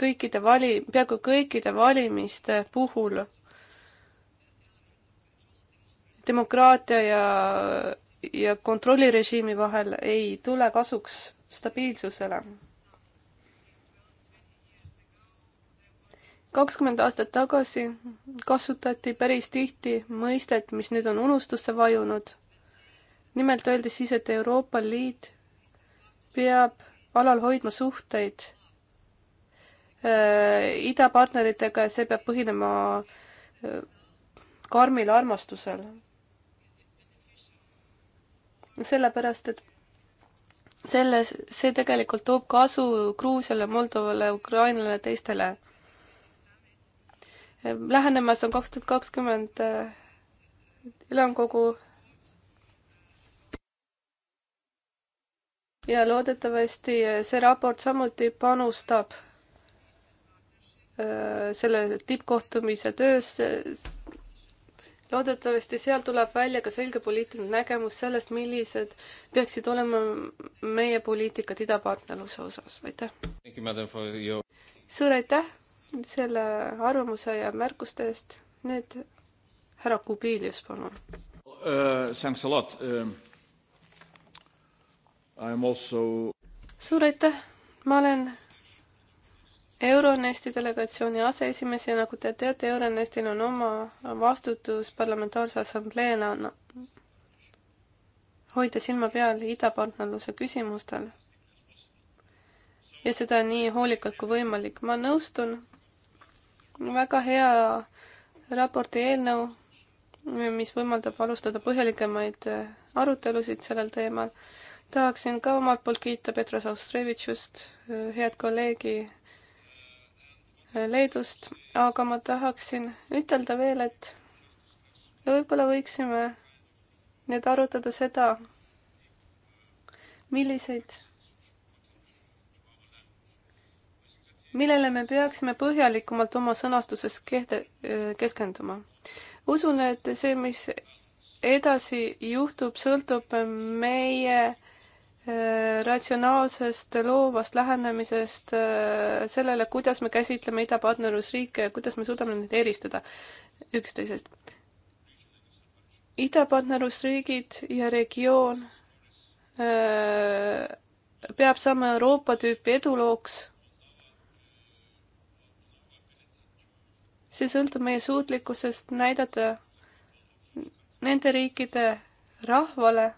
kõikide vali-, peaaegu kõikide valimiste puhul demokraatia ja, ja kontrollirežiimi vahel ei tule kasuks stabiilsusele. kakskümmend aastat tagasi kasutati päris tihti mõistet, mis nüüd on unustusse vajunud. nimelt öeldi siis, et Euroopa Liit peab alal hoidma suhteid äh, idapartneritega ja see peab põhinema äh, karmil armastusel. sellepärast, et selles, see tegelikult toob kasu Gruusiale, Moldovale, Ukrainale ja teistele. Äh, lähenemas on kaks tuhat kakskümmend ülemkogu ja loodetavasti eh, see raport samuti panustab eh, selle tippkohtumise töösse. loodetavasti seal tuleb välja ka selge poliitiline nägemus sellest, millised peaksid olema meie poliitikad idapartnerluse osas, aitäh! suur aitäh selle arvamuse ja märkuste eest, nüüd härra Kubilius, palun uh,! Thanks a lot uh...! also... suur aitäh, ma olen Euronesti delegatsiooni aseesimees ja nagu te teate, Euronestil on oma vastutus parlamentaarse assambleena no, hoida silma peal idapartnerluse küsimustel. ja seda nii hoolikalt kui võimalik. ma nõustun, väga hea raporti eelnõu, mis võimaldab alustada põhjalikemaid arutelusid sellel teemal tahaksin ka omalt poolt kiita Petros Austrevitšust, eh, head kolleegi eh, Leedust, aga ma tahaksin ütelda veel, et võib-olla võiksime nüüd arutada seda, milliseid, millele me peaksime põhjalikumalt oma sõnastuses kehte, eh, keskenduma. usun, et see, mis edasi juhtub, sõltub meie äh, Äh, ratsionaalsest loovast lähenemisest äh, sellele, kuidas me käsitleme idapartnerlusriike ja kuidas me suudame neid eristada üksteisest. idapartnerlusriigid ja regioon äh, peab saama Euroopa tüüpi edulooks. see sõltub meie suutlikkusest näidata nende riikide rahvale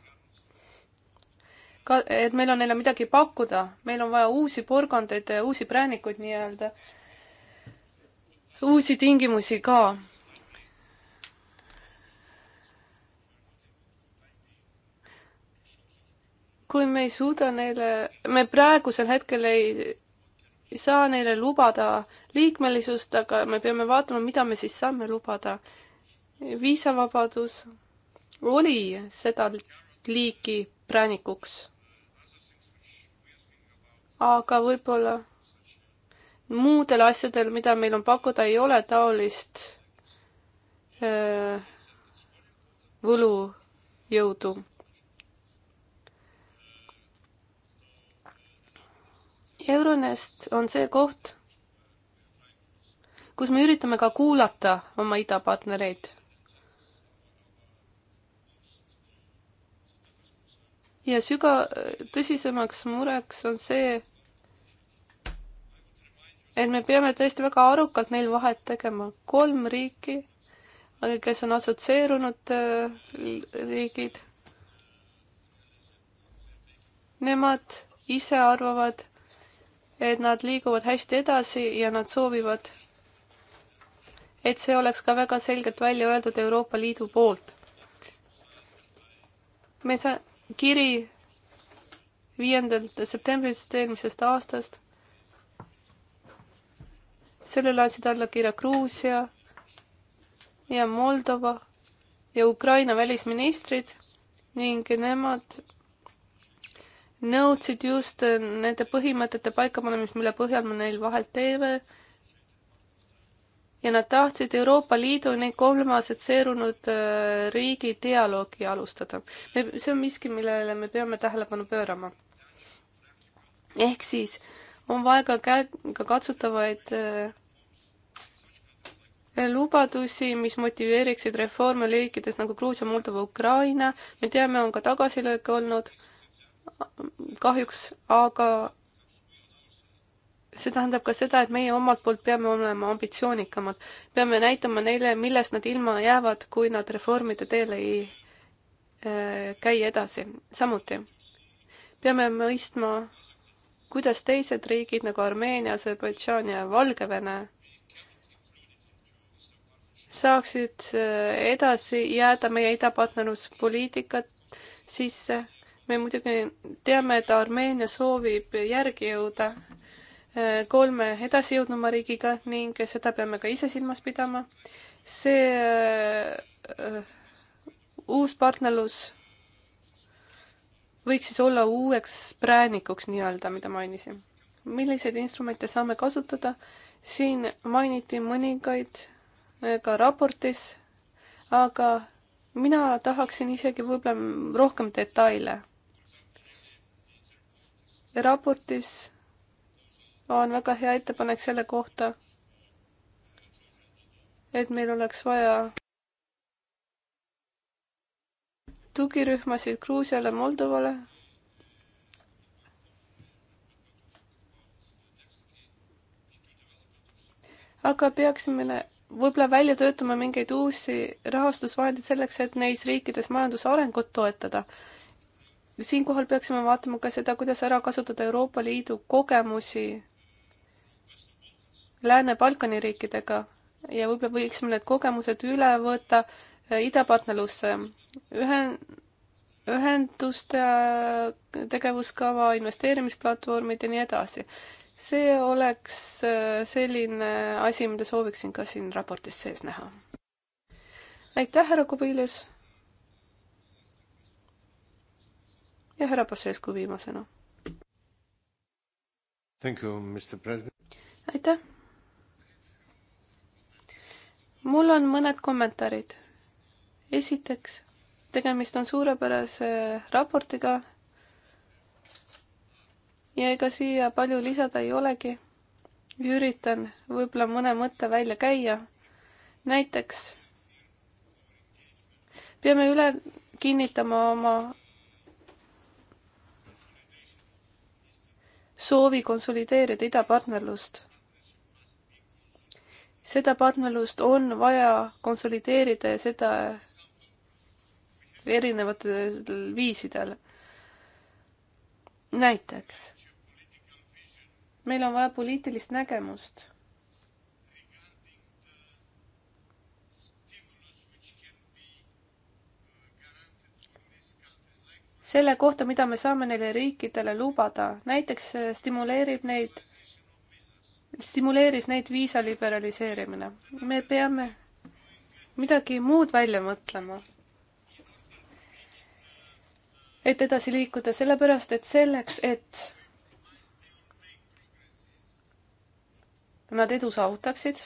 ka, et meil on neile midagi pakkuda, meil on vaja uusi porgandeid, uusi präänikuid nii-öelda, uusi tingimusi ka. kui me ei suuda neile, me praegusel hetkel ei, ei saa neile lubada liikmelisust, aga me peame vaatama, mida me siis saame lubada. viisavabadus oli seda liiki präänikuks aga võib-olla muudel asjadel, mida meil on pakkuda, ei ole taolist võlujõudu. Euronest on see koht, kus me üritame ka kuulata oma idapartnereid. ja süga-, tõsisemaks mureks on see, et me peame tõesti väga arukalt neil vahet tegema. kolm riiki, kes on assotsieerunud äh, riigid. Nemad ise arvavad, et nad liiguvad hästi edasi ja nad soovivad, et see oleks ka väga selgelt välja öeldud Euroopa Liidu poolt. me saa-, kiri viiendalt septembrist eelmisest aastast sellele andsid allakirja Gruusia ja Moldova ja Ukraina välisministrid ning nemad nõudsid just nende põhimõtete paikapanemist, mille põhjal me neil vahel teeme. ja nad tahtsid Euroopa Liidu ning kolmasetseerunud äh, riigi dialoogi alustada. me, see on miski, millele me peame tähelepanu pöörama. ehk siis äh, on vaja ka käega katsutavaid äh, lubadusi, mis motiveeriksid reforme riikides nagu Gruusia, Moldova, Ukraina. me teame, on ka tagasilööke olnud. kahjuks, aga see tähendab ka seda, et meie omalt poolt peame olema ambitsioonikamad. peame näitama neile, millest nad ilma jäävad, kui nad reformide teele ei äh, käi edasi. samuti peame mõistma kuidas teised riigid nagu Armeenia, Aserbaidžaan ja Valgevene saaksid äh, edasi jääda meie idapartnerluspoliitikat sisse. me muidugi teame, et Armeenia soovib järgi jõuda äh, kolme edasijõudnuma riigiga ning seda peame ka ise silmas pidama. see äh, uus partnerlus võiks siis olla uueks präänikuks nii-öelda, mida mainisin. milliseid instrumente saame kasutada? siin mainiti mõningaid eh, ka raportis, aga mina tahaksin isegi võib-olla rohkem detaile. raportis on väga hea ettepanek selle kohta, et meil oleks vaja tugirühmasid Gruusiale, Moldovale. aga peaksime võib-olla välja töötama mingeid uusi rahastusvahendeid selleks, et neis riikides majanduse arengut toetada. siinkohal peaksime vaatama ka seda, kuidas ära kasutada Euroopa Liidu kogemusi Lääne-Balkani riikidega ja võib-olla võiksime need kogemused üle võtta idapartnerlusse ühen-, ühenduste äh, tegevuskava, investeerimisplatvormid ja nii edasi. see oleks äh, selline asi, mida sooviksin ka siin raportis sees näha. aitäh, härra Kubilius! ja härra Pašescu viimasena. aitäh! mul on mõned kommentaarid esiteks, tegemist on suurepärase raportiga. ja ega siia palju lisada ei olegi. üritan võib-olla mõne mõtte välja käia. näiteks peame üle kinnitama oma soovi konsolideerida idapartnerlust seda partnerlust on vaja konsolideerida ja seda erinevatel viisidel. näiteks, meil on vaja poliitilist nägemust selle kohta, mida me saame neile riikidele lubada. näiteks eh, stimuleerib neid, stimuleeris neid viisa liberaliseerimine. me peame midagi muud välja mõtlema et edasi liikuda, sellepärast et selleks, et nad edu saavutaksid,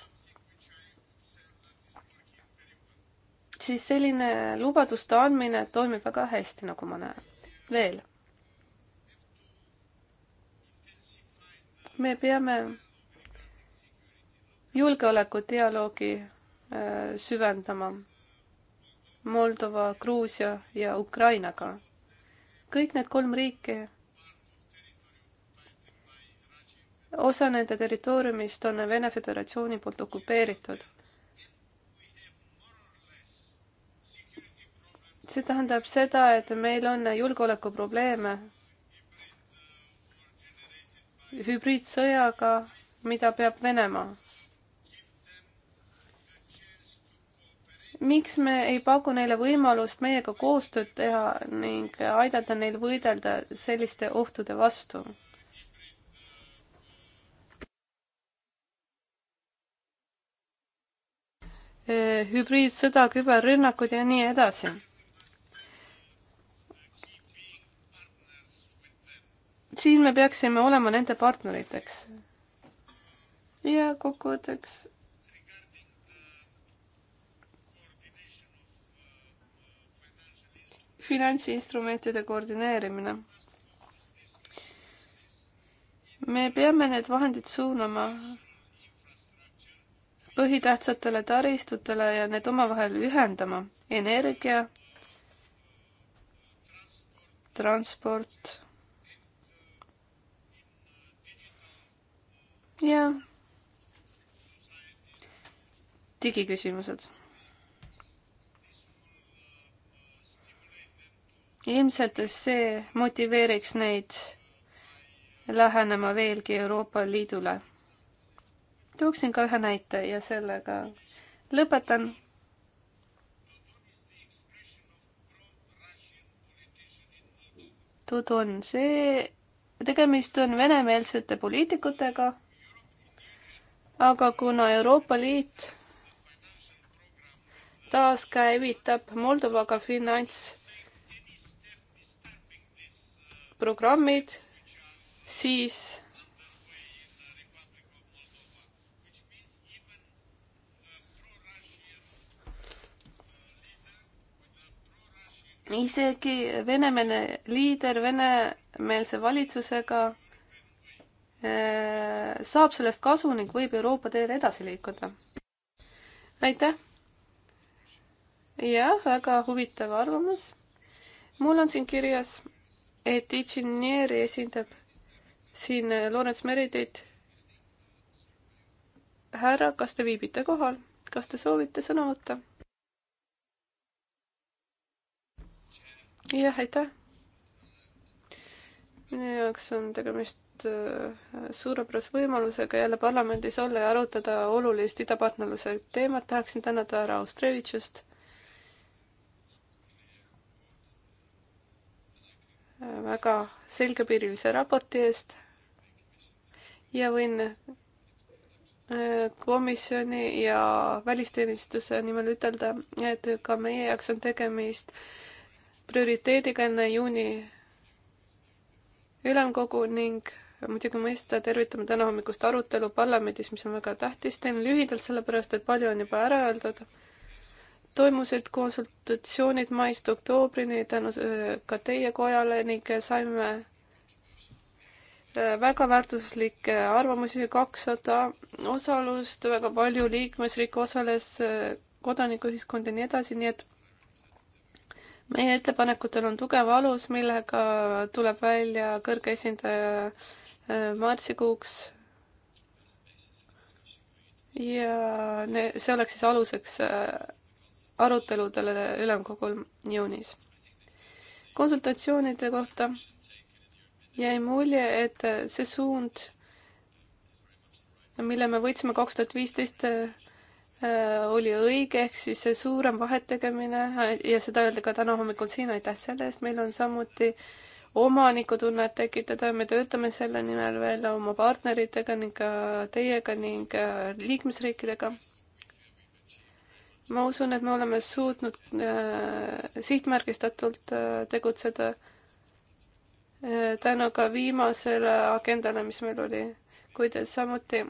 siis selline lubaduste andmine toimib väga hästi, nagu ma näen. veel. me peame julgeolekudialoogi äh, süvendama Moldova, Gruusia ja Ukrainaga kõik need kolm riiki, osa nende territooriumist on Vene Föderatsiooni poolt okupeeritud. see tähendab seda, et meil on julgeolekuprobleeme hübriidsõjaga, mida peab Venemaa miks me ei paku neile võimalust meiega koostööd teha ning aidata neil võidelda selliste ohtude vastu? hübriidsõda, küberrünnakud ja nii edasi. siin me peaksime olema nende partneriteks. ja kokkuvõtteks finantsinstrumentide koordineerimine. me peame need vahendid suunama põhitähtsatele taristutele ja need omavahel ühendama. energia, transport ja digiküsimused ilmselt see motiveeriks neid lähenema veelgi Euroopa Liidule. tooksin ka ühe näite ja sellega lõpetan. Dudon, see, tegemist on venemeelsete poliitikutega, aga kuna Euroopa Liit taaskäivitab Moldovaga finants programmid, siis isegi venemene liider venemeelse valitsusega äh, saab sellest kasu ning võib Euroopa teel edasi liikuda. aitäh! jah, väga huvitav arvamus. mul on siin kirjas et Itšinieri esindab siin Lorents Meridit. härra, kas te viibite kohal, kas te soovite sõna võtta? jah, aitäh. minu jaoks on tegemist äh, suurepärase võimalusega jälle parlamendis olla ja arutada olulist idapartnerluse teemat. tahaksin tänada härra Ostrevitšust väga selgepiirilise raporti eest ja võin äh, komisjoni ja välisteenistuse nimel ütelda, et ka meie jaoks on tegemist prioriteediga enne juuni ülemkogu ning muidugi mõista, tervitame täna hommikust arutelu parlamendis, mis on väga tähtis. teen lühidalt, sellepärast et palju on juba ära öeldud toimusid konsultatsioonid maist oktoobrini tänu ka teie kojale ning saime väga väärtuslikke arvamusi, kakssada osalust, väga palju liikmesriike osales, kodanikuühiskond ja nii edasi, nii et meie ettepanekutel on tugev alus, millega tuleb välja kõrge esindaja märtsikuuks ja ne, see oleks siis aluseks aruteludele ülemkogul juunis. konsultatsioonide kohta jäi mulje, et see suund, mille me võtsime kaks tuhat viisteist, äh, oli õige, ehk siis suurem vahetegemine ja seda öeldi ka täna hommikul siin, aitäh selle eest, meil on samuti omanikutunnet tekitada, me töötame selle nimel veel oma partneritega ning ka teiega ning äh, liikmesriikidega ma usun, et me oleme suutnud äh, sihtmärgistatult äh, tegutseda äh, tänu ka viimasele agendale, mis meil oli, kuid samuti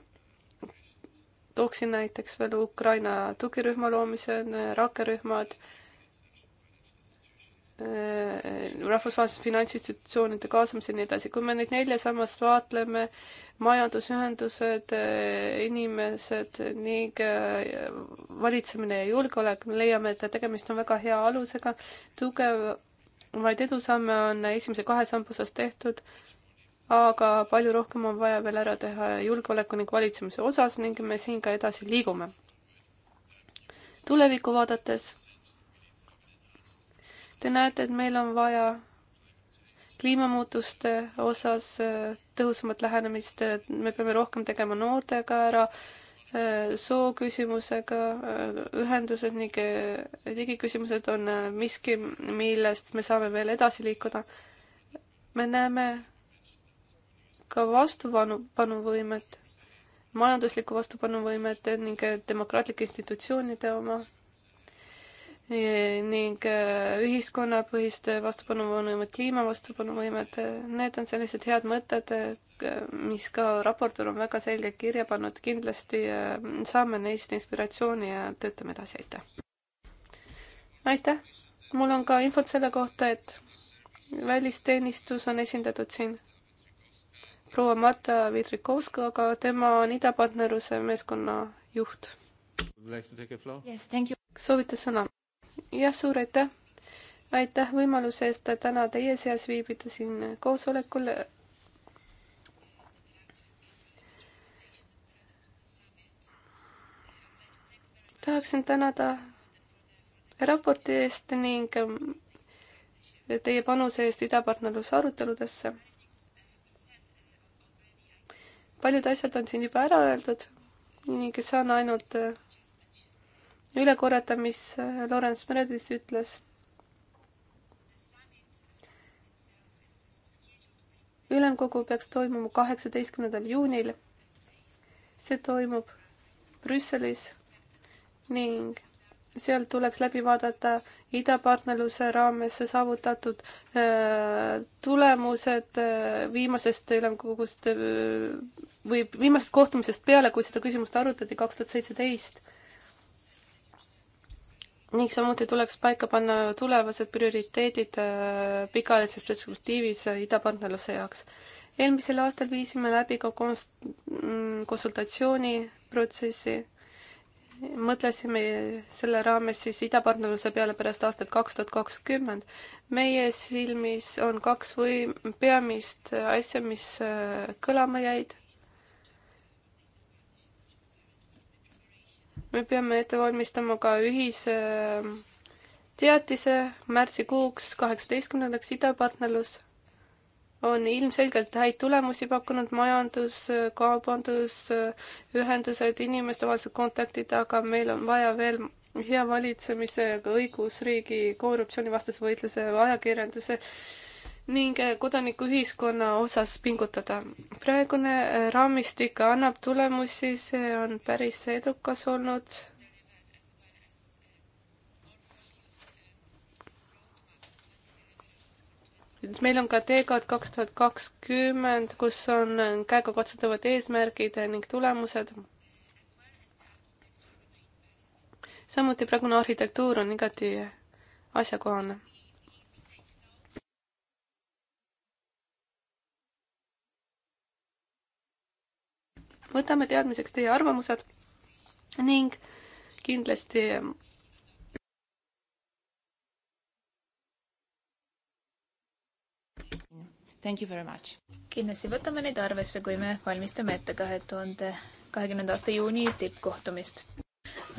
tooksin näiteks veel Ukraina tugirühma loomise, äh, rakkerühmad äh,, rahvusvaheliste finantsinstitutsioonide kaasamise ja nii edasi. kui me neid nelja sammast vaatleme, majandusühendused, inimesed ning äh, valitsemine ja julgeolek, me leiame, et tegemist on väga hea alusega, tugevaid edusamme on esimese kahe samba osas tehtud, aga palju rohkem on vaja veel ära teha julgeoleku ning valitsemise osas ning me siin ka edasi liigume. tulevikku vaadates te näete, et meil on vaja kliimamuutuste osas äh, tõhusamat lähenemist, me peame rohkem tegema noortega ära, sooküsimusega, ühendused ning digiküsimused on miski, millest me saame veel edasi liikuda. me näeme ka vastupanuvõimet, majanduslikku vastupanuvõimet ning demokraatlike institutsioonide oma ning äh, ühiskonnapõhist vastupanuvõimet, kliima vastupanuvõimet, äh, need on sellised head mõtted, äh, mis ka raportöör on väga selgelt kirja pannud, kindlasti saame neist inspiratsiooni ja töötame edasi, aitäh! aitäh! mul on ka infot selle kohta, et välisteenistus on esindatud siin proua Marta Vidrikovska, aga tema on idapartnerluse meeskonna juht. Yes, soovite sõna? jah, suur aitäh! aitäh võimaluse eest täna teie seas viibida siin koosolekul. tahaksin tänada raporti eest ning teie panuse eest idapartnerluse aruteludesse. paljud asjad on siin juba ära öeldud ning saan ainult üle korrata, mis äh, Lawrence Meredith ütles. ülemkogu peaks toimuma kaheksateistkümnendal juunil. see toimub Brüsselis ning seal tuleks läbi vaadata idapartnerluse raames saavutatud äh, tulemused äh, viimasest ülemkogust või viimasest kohtumisest peale, kui seda küsimust arutati kaks tuhat seitseteist ning samuti tuleks paika panna tulevased prioriteedid äh, pikaajalises perspektiivis äh, idapartnerluse jaoks. eelmisel aastal viisime läbi ka kons-, mm, konsultatsiooniprotsessi, mõtlesime selle raames siis idapartnerluse peale pärast aastat kaks tuhat kakskümmend. meie silmis on kaks või peamist asja, mis äh, kõlama jäid me peame ette valmistama ka ühise ähm, teatise märtsikuuks, kaheksateistkümnendaks idapartnerlus on ilmselgelt häid tulemusi pakkunud majandus, äh, kaubandus, äh, ühendused, inimestevahelised kontaktid, aga meil on vaja veel hea valitsemise, õigusriigi, korruptsioonivastase võitluse, ajakirjanduse ning äh, kodanikuühiskonna osas pingutada. praegune äh, raamistik annab tulemusi, see on päris edukas olnud. meil on ka teekaart kaks tuhat kakskümmend, kus on äh, käegakatsutavad eesmärgid ning tulemused. samuti praegune arhitektuur on igati asjakohane võtame teadmiseks teie arvamused ning kindlasti Thank you very much. kindlasti võtame neid arvesse, kui me valmistame ette kahe tuhande kahekümnenda aasta juuni tippkohtumist.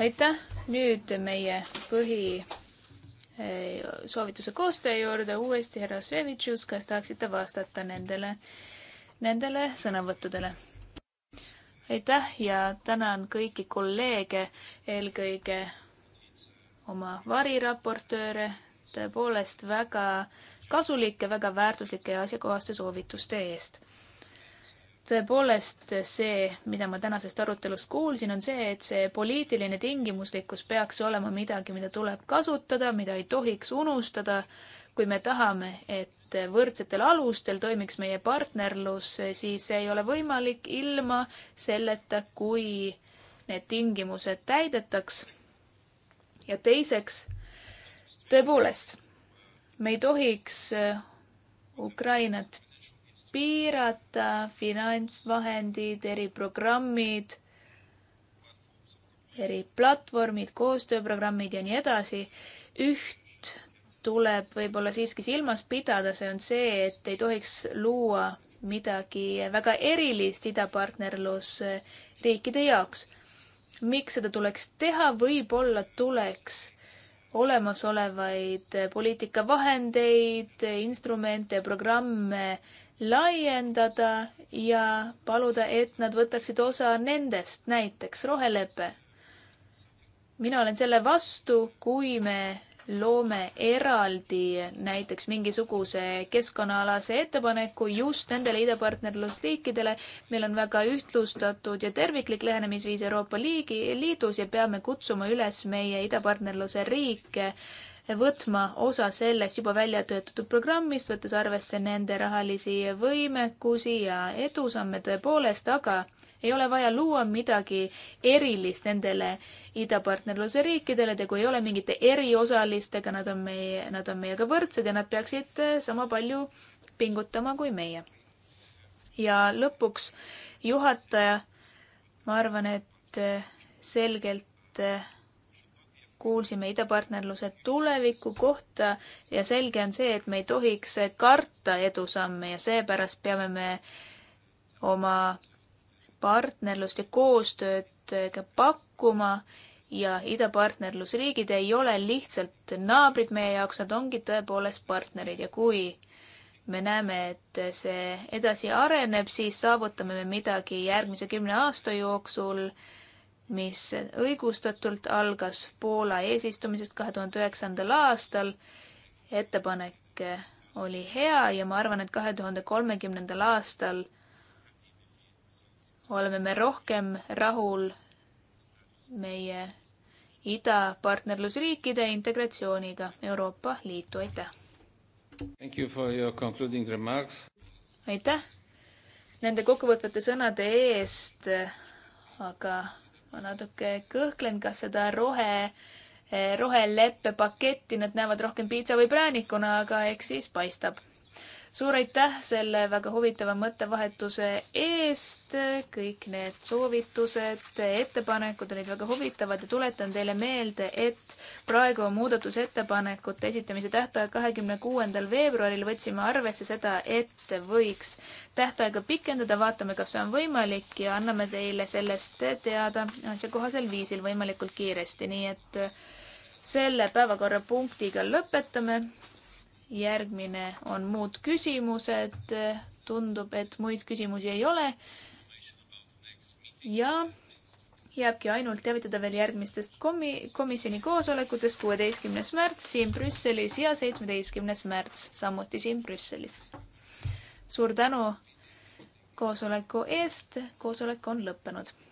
aitäh, nüüd meie põhi eh, soovituse koostaja juurde uuesti härra Svevitšus, kas tahaksite vastata nendele, nendele sõnavõttudele? aitäh ja tänan kõiki kolleege, eelkõige oma variraportööre, tõepoolest väga kasulike, väga väärtuslike ja asjakohaste soovituste eest. tõepoolest see, mida ma tänasest arutelust kuulsin, on see, et see poliitiline tingimuslikkus peaks olema midagi, mida tuleb kasutada, mida ei tohiks unustada, kui me tahame, et et võrdsetel alustel toimiks meie partnerlus, siis see ei ole võimalik ilma selleta, kui need tingimused täidetaks. ja teiseks, tõepoolest, me ei tohiks äh, Ukrainat piirata, finantsvahendid, eriprogrammid eri platvormid, koostööprogrammid ja nii edasi. üht tuleb võib-olla siiski silmas pidada, see on see, et ei tohiks luua midagi väga erilist idapartnerlusriikide jaoks. miks seda tuleks teha, võib-olla tuleks olemasolevaid poliitikavahendeid, instrumente, programme laiendada ja paluda, et nad võtaksid osa nendest, näiteks rohelepe. mina olen selle vastu, kui me loome eraldi näiteks mingisuguse keskkonnaalase ettepaneku just nendele idapartnerlusriikidele. meil on väga ühtlustatud ja terviklik lähenemisviis Euroopa Liigi, Liidus ja peame kutsuma üles meie idapartnerluse riike võtma osa sellest juba välja töötatud programmist, võttes arvesse nende rahalisi võimekusi ja edusamme tõepoolest, aga ei ole vaja luua midagi erilist nendele idapartnerluse riikidele, tegu ei ole mingite eriosalistega, nad on meie, nad on meiega võrdsed ja nad peaksid eh, sama palju pingutama kui meie. ja lõpuks juhataja, ma arvan, et eh, selgelt eh, kuulsime idapartnerluse tuleviku kohta ja selge on see, et me ei tohiks karta edusamme ja seepärast peame me oma partnerlust ja koostööd äh, ka pakkuma ja idapartnerlusriigid ei ole lihtsalt naabrid meie jaoks, nad ongi tõepoolest partnerid ja kui me näeme, et see edasi areneb, siis saavutame me midagi järgmise kümne aasta jooksul, mis õigustatult algas Poola eesistumisest kahe tuhande üheksandal aastal. ettepanek oli hea ja ma arvan, et kahe tuhande kolmekümnendal aastal oleme me rohkem rahul meie idapartnerlusriikide integratsiooniga Euroopa Liitu, aitäh! You aitäh nende kokkuvõtvate sõnade eest, aga ma natuke kõhklen, kas seda rohe, roheleppe paketti nad näevad rohkem piitsa või präänikuna, aga eks siis paistab suur aitäh selle väga huvitava mõttevahetuse eest, kõik need soovitused, ettepanekud olid väga huvitavad ja tuletan teile meelde, et praegu on muudatusettepanekute esitamise tähtaeg kahekümne kuuendal veebruaril, võtsime arvesse seda, et võiks tähtaega pikendada, vaatame, kas see on võimalik ja anname teile sellest teada asjakohasel viisil võimalikult kiiresti, nii et selle päevakorrapunktiga lõpetame järgmine on muud küsimused. tundub, et muid küsimusi ei ole. ja jääbki ainult teavitada veel järgmistest komi-, komisjoni koosolekutest kuueteistkümnes märts siin Brüsselis ja seitsmeteistkümnes märts samuti siin Brüsselis. suur tänu koosoleku eest, koosolek on lõppenud